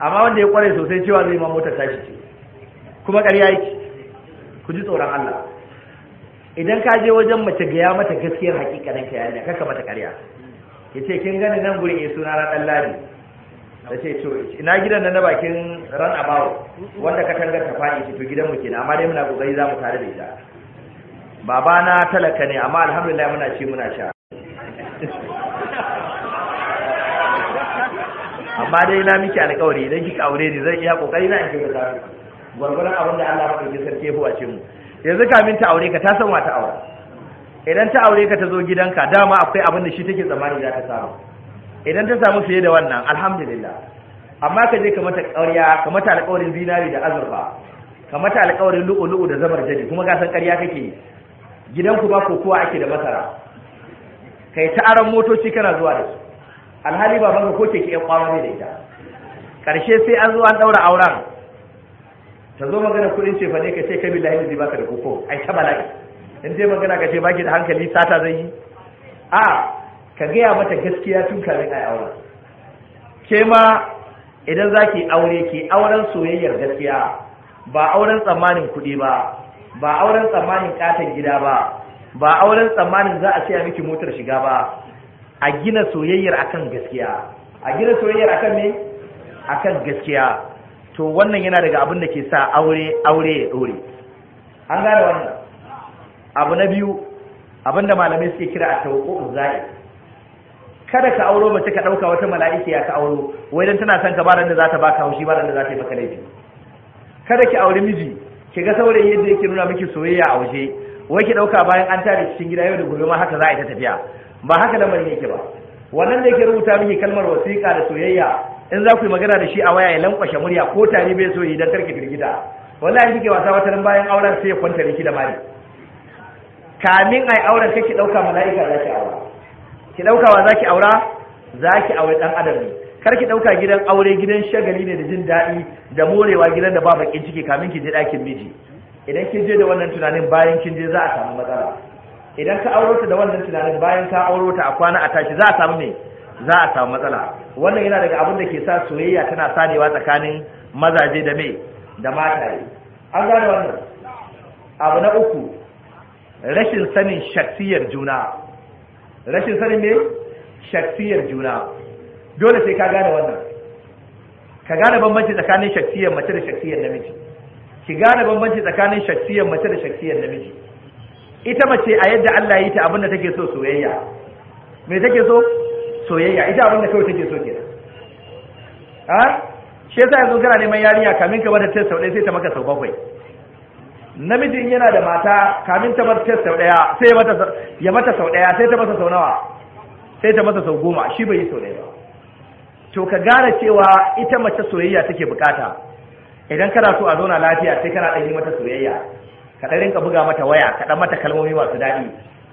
amma wanda ya kware sosai cewa zai ma mota tashi ce kuma karya yake ku ji tsoron Allah idan ka je wajen mace gaya mata gaskiyar hakikanin ka yayin kaka mata karya yace kin gani nan gurin eh suna na dan ladi da ce to ina gidan nan na bakin ran abawo wanda ka katangar ta faɗi to gidan mu kenan amma dai muna kokari za mu tare da ita baba na talaka ne amma alhamdulillah muna ci muna sha amma dai na miki alƙawari idan kika aure ni zan iya kokari na in kyautata miki gurgurun abin da Allah ya maɗauki sarki a fi mu yanzu kamin ta aure ka ta san wata aure idan ta aure ka ta zo gidanka dama akwai abin da shi take tsammani za ta samu idan ta samu fiye da wannan alhamdulillah amma ka je ka mata ƙarya ka alƙawarin zinari da azurfa ka mata alƙawarin lu'ulu'u da zamar jadi kuma ka san ƙarya kake gidan ku ba kokowa ake da masara kai ta aran motoci kana zuwa da su alhali baban ka ko keke ƴan ne da ita karshe sai an zo an ɗaura auren ta zo magana kuɗin ce fa ne ka ce ka billahi ne baka da koko ai ta bala'i in dai magana ka ce baki da hankali sata zai yi a ka gaya mata gaskiya tun kafin a aure ke ma idan za ki aure ke auren soyayyar gaskiya ba auren tsammanin kuɗi ba ba auren tsammanin katon gida ba ba auren tsammanin za a siya miki motar shiga ba a gina soyayyar akan gaskiya a gina soyayyar akan me akan gaskiya to wannan yana daga abin da ke sa aure aure ya dore an gane wannan abu na biyu abinda malamai suke kira a tawqu zai kada ka auro mace ka ɗauka wata mala'iki ya ka auro wai dan tana son ka ba da za ta baka haushi ba da za ta yi maka laifi kada ki auri miji ki ga saurayi yadda yake nuna miki soyayya a waje wai ki ɗauka bayan an tare cikin gida yau da gobe ma haka za a yi ta tafiya ba haka da mai yake ba wannan da yake rubuta miki kalmar wasiƙa da soyayya in za ku yi magana da shi a waya ya lankwashe murya ko tari bai so yi dan tarki girgida wallahi kike wasa wata nan bayan auren sai ya kwanta miki da mari kamin ai auren kake ɗauka mala'ika za ki aura ki daukawa zaki aura zaki aure dan adam ne kar ki dauka gidan aure gidan shagali ne da jin daɗi da morewa gidan da ba bakin ciki kamin ki je ɗakin miji idan kin je da wannan tunanin bayan kin je za a samu matsala idan ka aure ta da wannan tunanin bayan ka aure ta a kwana a tashi za a samu me za a samu matsala wannan yana daga abin da ke sa soyayya tana sadewa tsakanin mazaje da me da mataye an gane wannan abu na uku rashin sanin shaksiyar juna rashin sanin ne shaktiyar juna dole sai ka gane wannan ka gane bambanci tsakanin shaktiyar mace da shaktiyar namiji ki gane bambanci tsakanin shaktiyar mace da shaktiyar namiji ita mace a yadda Allah yi ta abin da take so soyayya me take so soyayya ita abin da kawai take so kenan ha shi yasa yanzu kana neman yariya kamin ka bata ta sau ɗaya sai ta maka sau bakwai namijin yana da mata kamin ta mata sau daya sai ya mata sau daya sai ta masa sau nawa sai ta masa sau goma shi bai yi sau daya ba to ka gane cewa ita mace soyayya take bukata idan kana so a zauna lafiya sai kana ɗan yi mata soyayya ka ɗan rinka buga mata waya ka ɗan mata kalmomi masu daɗi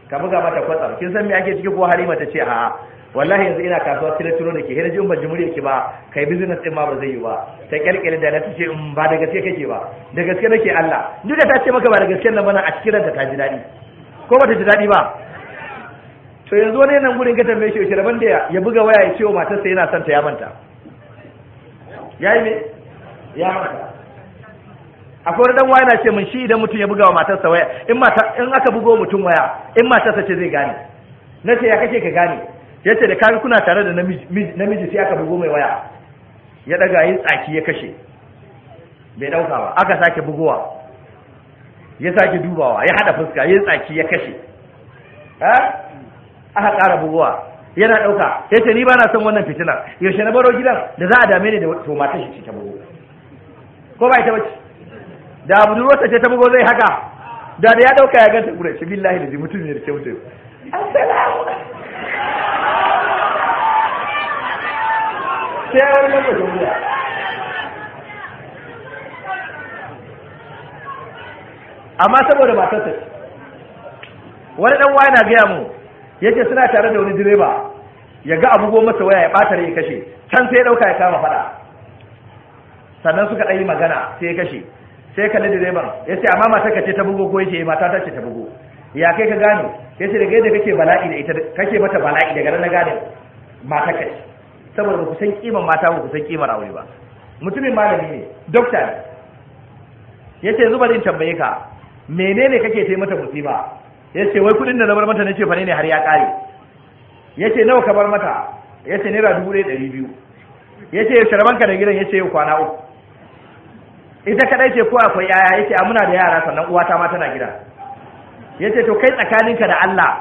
ka buga mata kwatsam kin san me ake ciki ko halima ta ce a'a wallahi yanzu ina kasuwa tilo tilo ke hira ji umar jimuri yake ba kai business din ma ba zai yi ba ta kyalkyale da na ta ce mm, ba da gaske kake ba da gaske nake Allah duk da ta ce maka ba da gaske nan bana a cikin ranta ta ji daɗi ko ba ta ji daɗi ba to yanzu wani nan gurin gatan mai shi shi da ya buga waya ya ce wa matarsa yana son ta ya manta ya yi me ya manta akwai wani dan waya na ce mun shi idan mutum ya buga wa matarsa waya in mata in aka bugo mutum waya in matarsa ce zai gane na ce ya kake ka gane yace da kaga kuna tare da namiji sai aka bugo mai waya ya daga yin tsaki ya kashe bai dauka ba aka sake bugowa ya sake dubawa ya hada fuska yin tsaki ya kashe aka ƙara bugowa yana dauka yace ni ba na son wannan fitina yaushe na baro gidan da za a dame ni da wato matar shi ta bugo ko ba ita bace da abu durota ce ta bugo zai haka da da ya dauka ya ganta gure shi billahi da mutum ne da kyautu assalamu sai ya amma saboda matarsa wani dan waya na gaya mu yake suna tare da wani direba ya ga abubuwan masa waya ya ɓata ya kashe can sai ya ɗauka ya kama faɗa sannan suka ɗan magana sai ya kashe sai kalli direban ya ce amma ka ce ta bugo ko ya ce eh, mata ta ce ta bugo ya kai ka gane? ya ce daga yadda kake bala'i da ita kake mata bala'i daga na gane matarka saboda ba ku san kimar mata ba ku san kimar aure ba mutumin malami ne dokta yace ya ce zuba din tambaye ka menene kake sai mata musiba ya ce wai kudin da na bar mata na ce fa ne har ya kare ya ce nawa ka bar mata ya ce naira dubu ɗaya ɗari biyu ya ce da gidan ya ce kwana uku ita kadai ce ko akwai yaya ya ce a muna da yara sannan uwata ma tana gida ya ce to kai tsakaninka da Allah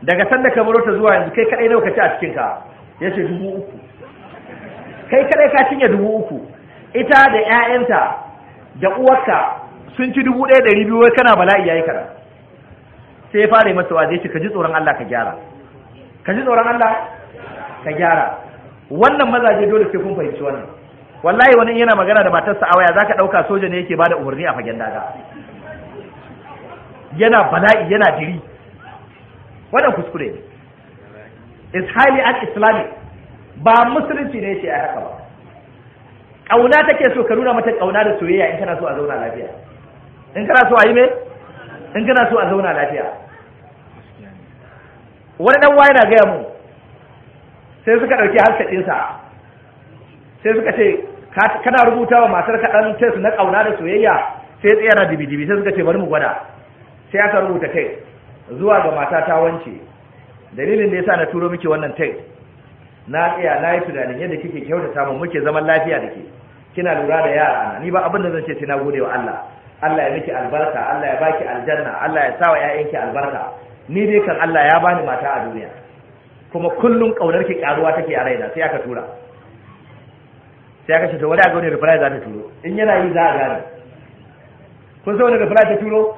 daga sanda ka baro ta zuwa yanzu kai kadai nawa ka ci a cikinka ya ce dubu uku kai kadai ka cinye dubu uku ita da 'ya'yanta da uwarka sun ci dubu ɗaya ɗari biyu wai kana bala'i yayi kara sai ya fara masa waje ce ka ji tsoron Allah ka gyara ka ji tsoron Allah ka gyara wannan mazaje dole sai kun fahimci wannan wallahi wani yana magana da matarsa a waya zaka ɗauka soja ne yake bada umarni a fagen daga yana bala'i yana diri wannan kuskure ne is highly un-islamic ba musulunci ne ce a haka ba ƙauna take so ka nuna mata ƙauna da soyayya in kana so a zauna lafiya in kana so a yi me in kana so a zauna lafiya wani dan waye na gaya mu sai suka ɗauki harshe sa sai suka ce kana rubuta wa matar ka ɗan test na ƙauna da soyayya sai na dibi-dibi sai suka ce bari mu gwada sai aka rubuta kai zuwa ga mata ta wance dalilin da ya sa na turo miki wannan text na tsaya na yi tunanin yadda kike kyautata mu muke zaman lafiya da ke kina lura da yara ni ba abin da zan ce sai na gode wa Allah Allah ya miki albarka Allah ya baki aljanna Allah ya sa wa ƴaƴanki albarka ni dai kan Allah ya bani mata a duniya kuma kullun kaunar ki karuwa take a raina sai aka tura sai aka ce to wani a gane reply za ta turo in yana yi za a gane kun san wani reply ta turo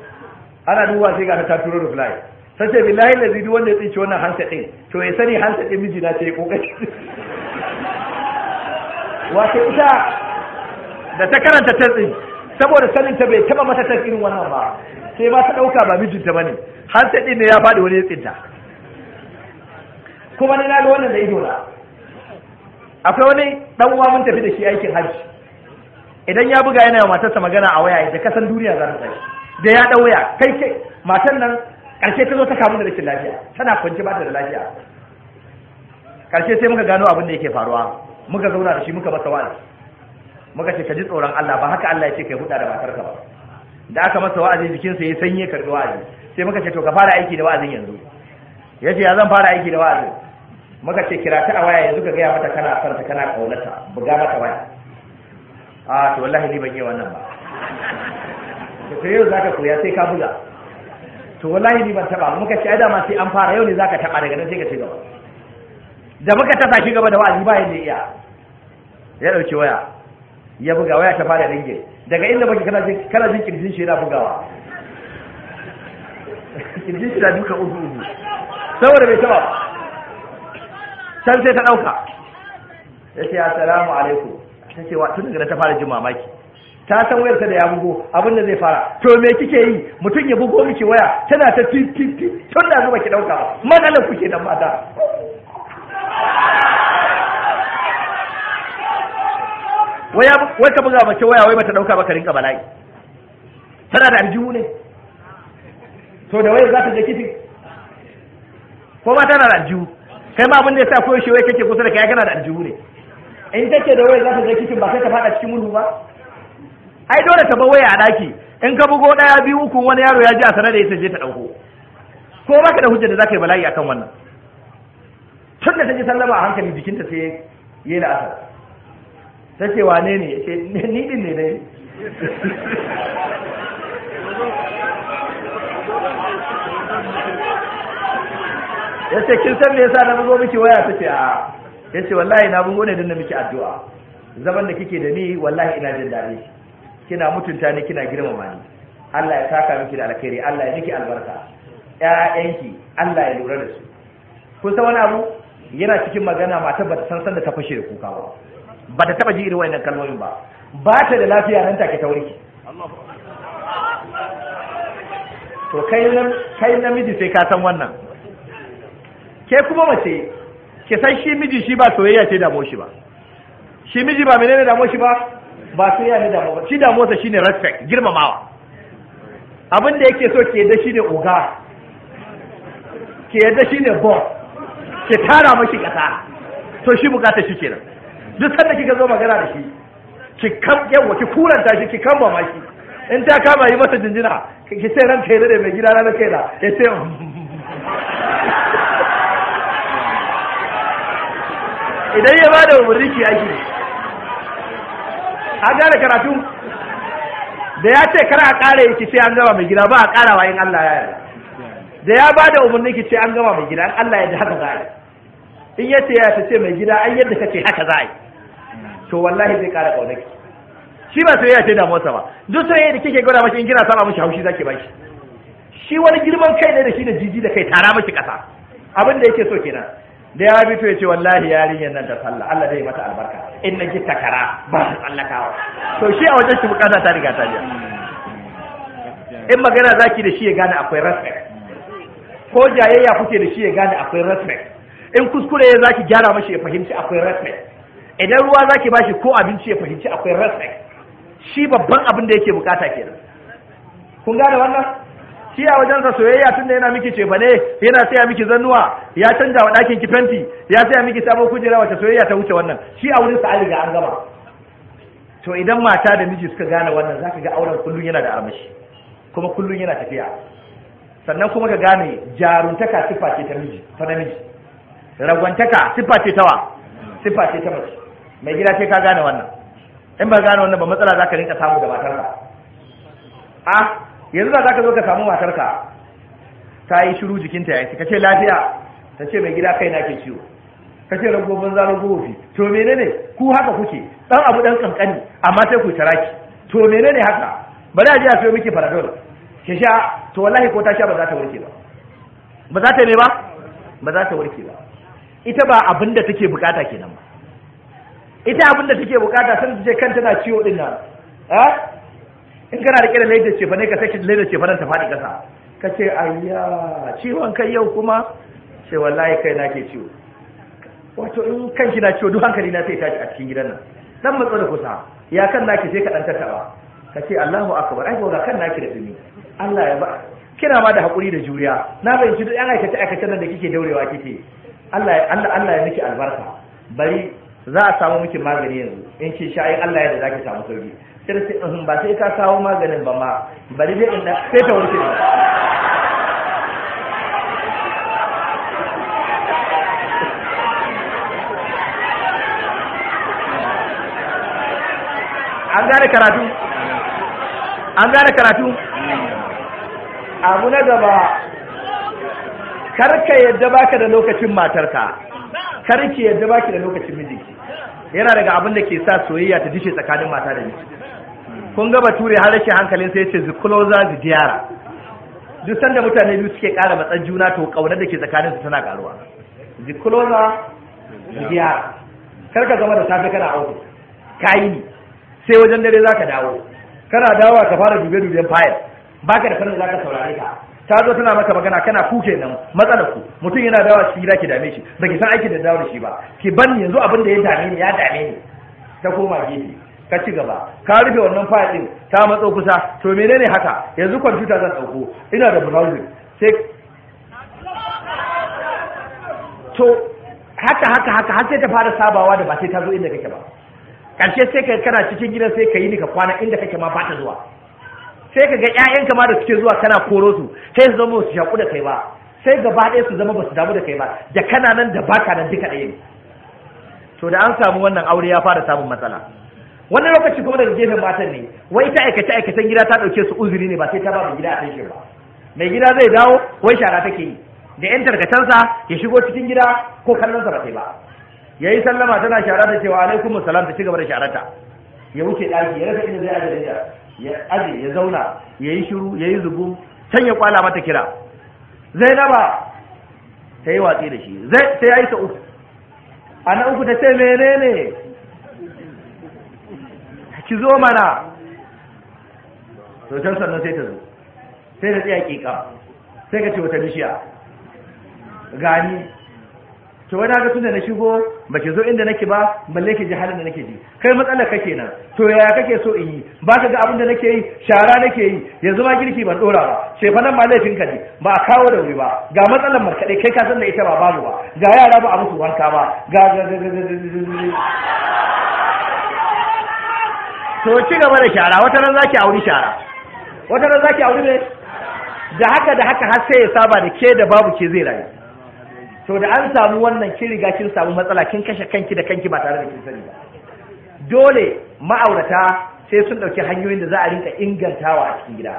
ana duba sai ga ta turo reply Sace ce billahi lazi duk wanda ya tsinci wannan hansa din to ya sani hansa din miji na ce kokari wato ita da ta karanta tantsin saboda sanin ta bai taba mata irin wannan ba sai ma ta dauka ba mijinta bane hansa din ne ya fadi wani ya tsinta kuma ne na ga wannan da ido na akwai wani dan uwa mun tafi da shi aikin hajji idan ya buga yana matarsa magana a waya da kasan duniya za ta da ya dauya kai kai matan nan ƙarshe ta zo ta kamu da rashin lafiya tana kwance ba ta da lafiya ƙarshe sai muka gano abin da yake faruwa muka zauna da shi muka masa wa'azi muka ce ka ji tsoron Allah ba haka Allah ya ce kai huda da matarka ba da aka masa wa'azi jikinsa ya sanye karɓi wa'azi sai muka ce to ka fara aiki da wa'azin yanzu ya ce ya zan fara aiki da wa'azi? muka ce kira ta a waya yanzu ka gaya mata kana son ta kana kaunata buga mata waya a ah, to wallahi ni ban yi wannan ba ka sai yau zaka koya sai ka buga to wallahi ni ban taba muka ce ai dama sai an fara yau ne zaka taba daga nan sai ka ci gaba da muka tasa shi gaba da wa'azi ba yanda iya ya dauki waya ya buga waya ta fara dinge daga inda baki kana jin kana jin kirjin shi yana bugawa kirjin shi da duka uzu uzu saboda bai taba can sai ta dauka ce assalamu alaikum ta ce wa tun daga ta fara jin mamaki ta san wayar ta da ya bugo abin da zai fara to me kike yi mutum ya bugo miki waya tana ta ti ti ti tun da zuba ki dauka matsalar kuke da mata waya wai ka buga mace waya wai bata dauka ba ka rinka bala'i tana da aljihu ne to da waya za ta je kiti ko ba tana da aljihu kai ma abin da yasa koyaushe wai kake kusa da kai kana da aljihu ne in take da waya za ta je kitin ba sai ta fada cikin mulhu ba ai dole ta bar waya a daki in ka bugo daya biyu uku wani yaro ya ji a sanar da ita je ta dauko ko baka da hujja da zaka yi bala'i akan wannan tun da ta ji sallama a hankali jikinta sai yi la'asar ta ce wane ne ya ce ni din ne dai ya ce kin san me yasa na bugo miki waya ta ce a ya ce wallahi na bugo ne don na miki addu'a zaman da kike da ni wallahi ina jin daɗi kina mutunta ni kina girmama ni Allah ya saka miki da alkhairi Allah ya miki albarka ƴaƴanki Allah ya lura da su kun san wani abu yana cikin magana mata ta san san da ta fashe da kuka ba bata taba ji irin wannan kalmomin ba ba ta da lafiya nan take ta wurki to kai kai namiji sai ka san wannan ke kuma mace ke san shi miji shi ba soyayya ce da shi ba shi miji ba menene da shi ba ba su ya ni damuwa damuwa shi ne respect girmamawa abin da yake so ke da ne oga ke yadda ne boss ke tara mashi kasa to shi bukata shi kenan duk sanda kika zo magana da shi ki kam yawa ki kuranta shi ki kamba ma shi in ta kama yi masa jinjina ki sai ran yi da mai gida na kai da ya sai mm. idan ya bada umarni ki aiki ka da karatu da ya ce kar a ƙara yake ce an gama mai gida ba a ƙara wa Allah ya yi da ya ba da umarni ce an gama mai gida Allah ya ji haka za a yi in yace ya ta ce mai gida ai yadda kace haka za a yi to wallahi zai ƙara kaunar ki shi ba sai ya ce damuwarsa ba duk sai da kike gwada mashi in kina saba mashi haushi zaki ba shi wani girman kai ne da shi da jiji da kai tara mashi kasa abin da yake so kenan da ya bi to ya ce wallahi yarinyar nan ta sallah Allah zai mata albarka in na ji takara ba su tsallakawa to shi a wajen shi bukata ta riga ta biya in magana za ki da shi ya gane akwai respect ko jayayya kuke da shi ya gane akwai respect in kuskure ya ki gyara mashi ya fahimci akwai respect idan ruwa za zaki bashi ko abinci ya fahimci akwai respect shi babban abin da yake bukata kenan kun gane wannan shi a wajen sa soyayya tunda yana miki cefa ne yana saya miki zannuwa ya canja wa ɗakin ki fenti ya saya miki sabon kujera wace soyayya ta wuce wannan shi a wurin an riga an gama to idan mata da miji suka gane wannan zaka ga auren kullun yana da armashi kuma kullun yana tafiya sannan kuma ka gane jaruntaka sifa ce ta miji ta namiji ragwantaka sifa ce ta wa sifa ce ta mace mai gida ce ka gane wannan in ba gane wannan ba matsala zaka rinka samu da matarka ah yanzu da zaka zo ka samu ka ta yi shiru jikinta ya ce kace lafiya ta ce mai gida kai na ke ciwo kace rago banza rago fi. to menene ku haka kuke dan abu dan kankani amma sai ku taraki to menene haka bari a ji a sayo miki faradol ke sha to wallahi ko ta sha ba za ta warke ba ba za ta ne ba ba za ta warke ba ita ba abin da take bukata kenan ba ita abin da take bukata ta je kan tana ciwo din nan eh in kana rike da laidar cefane ka sake laidar cefane ta faɗi ƙasa ka ce ayya ciwon kai yau kuma sai wallahi kai na ke ciwo wato in kan shi na ciwo duk hankali na sai tashi a cikin gidan nan dan matsa da kusa ya kan naki sai ka dan tattaba ka ce Allahu akbar ai ga kan naki da dumi Allah ya ba kina ma da hakuri da juriya na bayyana duk yan aikace aikacen nan da kike daurewa kike Allah Allah Allah ya miki albarka bari za a samu miki magani yanzu in kin sha ai Allah ya da zaki samu sauki sai ba sai ka kawo maganin ba ma bari dai in sai ta warke an gane karatu an gane karatu abu na gaba karka yadda baka da lokacin matarka karki yadda baki da lokacin miji yana daga abin da ke sa soyayya ta dishe tsakanin mata da miji kun ga bature har rashin hankalin sai ce the closer the duk sanda mutane biyu suke kara matsan juna to ƙaunar da ke tsakanin su tana karuwa the closer the kar ka zama da safe kana auto kayi ni sai wajen dare zaka dawo kana dawowa ka fara dube duben fayil baka da farin zaka saurare ka ta zo tana maka magana kana kuke kenan matsalar ku mutum yana dawo shi gida ki dame shi baki san aiki da dawo da shi ba ki ban yanzu abin da ya dame ni ya dame ni ta koma gefe ka ci gaba ka rufe wannan fayil din ta matso kusa to menene haka yanzu kwamfuta zan dauko ina da browser sai to haka haka haka har sai ta fara sabawa da ba sai ta zo inda kake ba karshe sai kai kana cikin gidan sai ka yi ni ka kwana inda kake ma ba ta zuwa sai ka ga ƴaƴanka ma da suke zuwa kana koro su sai su zama su shaku da kai ba sai gaba ɗaya su zama ba su damu da kai ba da kana nan da baka nan duka ɗaya ne to da an samu wannan aure ya fara samun matsala wani lokaci kuma daga gefen matan ne wai ta aikace aikacen gida ta dauke su uzuri ne ba sai ta ba gida a ba mai gida zai dawo wai shara take yi da yan targatansa ya shigo cikin gida ko kallonsa ba sai ba yayi sallama tana shara da cewa alaikum assalam ta cigaba da sharata ya wuce daki ya rasa inda zai aje ya aje ya zauna yayi shiru yayi zubu can ya kwala mata kira zainaba ta yi watsi da shi sai ya yi ta uku a uku ta ce menene ki zo mana to can sannan sai ta zo sai ta tsaya kika sai ka ce wata bishiya gani to wani haka tunda na shigo ba ki zo inda nake ba balle ki ji halin da nake ji kai matsalar kake nan to yaya kake so in yi ba ka ga abin da nake yi shara nake yi yanzu ma girki ban dora ba ce fa nan ma laifin ka ne ba a kawo da wuri ba ga matsalar markaɗe kai ka san da ita ba babu ba ga yara ba a musu wanka ba ga ga ga ga ga to ci gaba da shara wata ran zaki auri shara wata ran zaki auri ne da haka da haka har sai ya saba da ke da babu ke zai rayu to da an samu wannan kin riga kin samu matsala kin kashe kanki da kanki ba tare da kin sani ba dole ma'aurata sai sun ɗauki hanyoyin da za a rinka ingantawa a cikin gida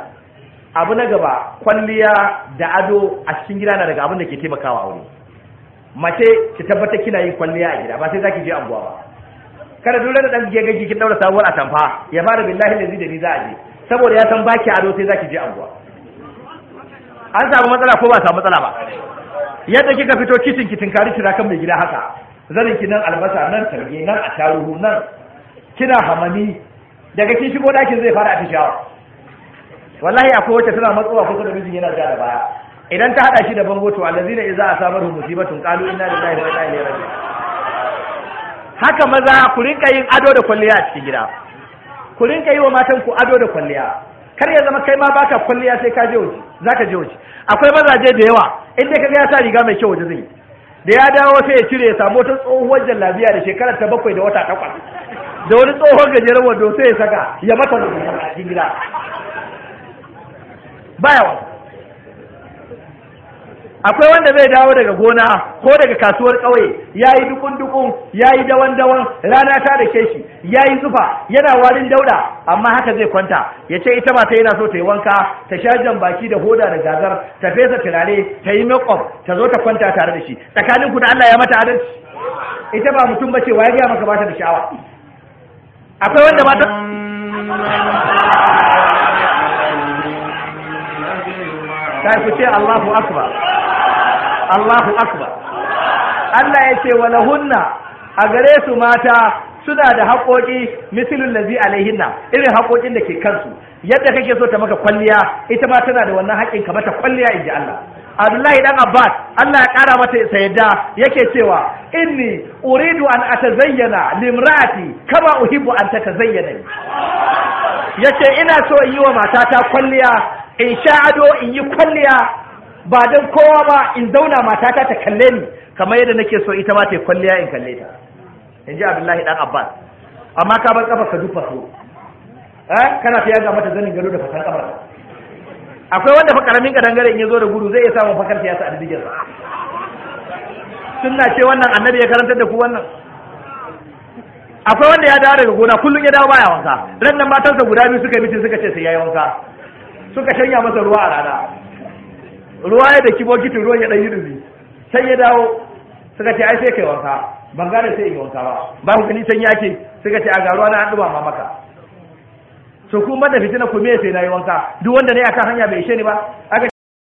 abu na gaba kwalliya da ado a cikin gida na daga abin da ke taimakawa aure mace ki tabbata kina yin kwalliya a gida ba sai zaki je anguwa ba kada duk da dan je gaji kin daura sabuwar atamfa ya fara billahi zai da ni za a je saboda ya san baki ado sai zaki je anguwa an samu matsala ko ba samu matsala ba yadda kika fito kitin kitin kari kira kan mai gida haka zanin ki nan albasa nan targe nan a taruhu nan kina hamani daga kin shigo dakin zai fara atishawa wallahi akwai wacce tana matsuwa ko da mijin yana da baya idan ta hada shi da bango to allazina idza asabahu musibatun qalu inna lillahi wa inna ilaihi raji'un haka maza ku rinka yin ado da kwalliya a cikin gida ku rinka yi wa matan ku ado da kwalliya kar ya zama kai ma baka kwalliya sai ka je waje zaka je waje akwai mazaje da yawa in dai kaga ya sa riga mai kyau waje zai da ya dawo sai ya cire ya samu wata tsohuwar jallabiya da shekarar ta bakwai da wata takwas da wani tsohon gajeren wando sai ya saka ya mata da gida ba yawa. akwai wanda zai dawo daga gona ko daga kasuwar ƙauye ya yi dukun dukun ya yi dawan dawan rana ta da ke shi ya yi zufa yana warin dauda amma haka zai kwanta ya ce ita mata yana so ta yi wanka ta sha jan baki da hoda da gagar ta fesa turare ta yi makeup ta zo ta kwanta tare da shi tsakanin ku da Allah ya mata adalci ita ba mutum bace wa ya ga maka ba ta da sha'awa akwai wanda ba ta kai ce Allahu akbar Allahu akbar Allah ya ce wa lahunna a gare su mata suna da haƙoƙi misilin lazi alaihinna irin haƙoƙin da ke kansu yadda kake so ta maka kwalliya ita ma tana da wannan haƙin ka mata kwalliya inji Allah Abdullahi dan Abbas Allah ya ƙara mata sayada yake cewa inni uridu an atazayyana limrati kama uhibbu an tatazayyana yace ina so in yi wa matata kwalliya in sha ado in yi kwalliya ba don kowa ba in zauna matata ta kalle ni kamar yadda nake so ita ma ta kwalliya in kalle ta in ji abdullahi dan abbas amma ka bar kafa ka dufa so eh kana ta yaga mata zanin gado da fasar kafa akwai wanda fa karamin ka dangare in yazo da gudu zai iya samun fakar ta ya sa a dijin sa sunna ce wannan annabi ya karantar da ku wannan akwai wanda ya dawo daga gona kullum ya dawo baya wanka ran nan matansa guda biyu suka yi mutum suka ce sai yayi wanka suka shanya masa ruwa a rana ruwa ya kibo bokitin ruwan ya dan yi dubi sai ya dawo suka ce ai sai kai wanka ban gane sai yi wanka ba ba ku ni san yake suka ce a ga ruwa na an duba ma maka to kuma da fitina ku me sai na yi wanka duk wanda ne aka hanya bai ishe ni ba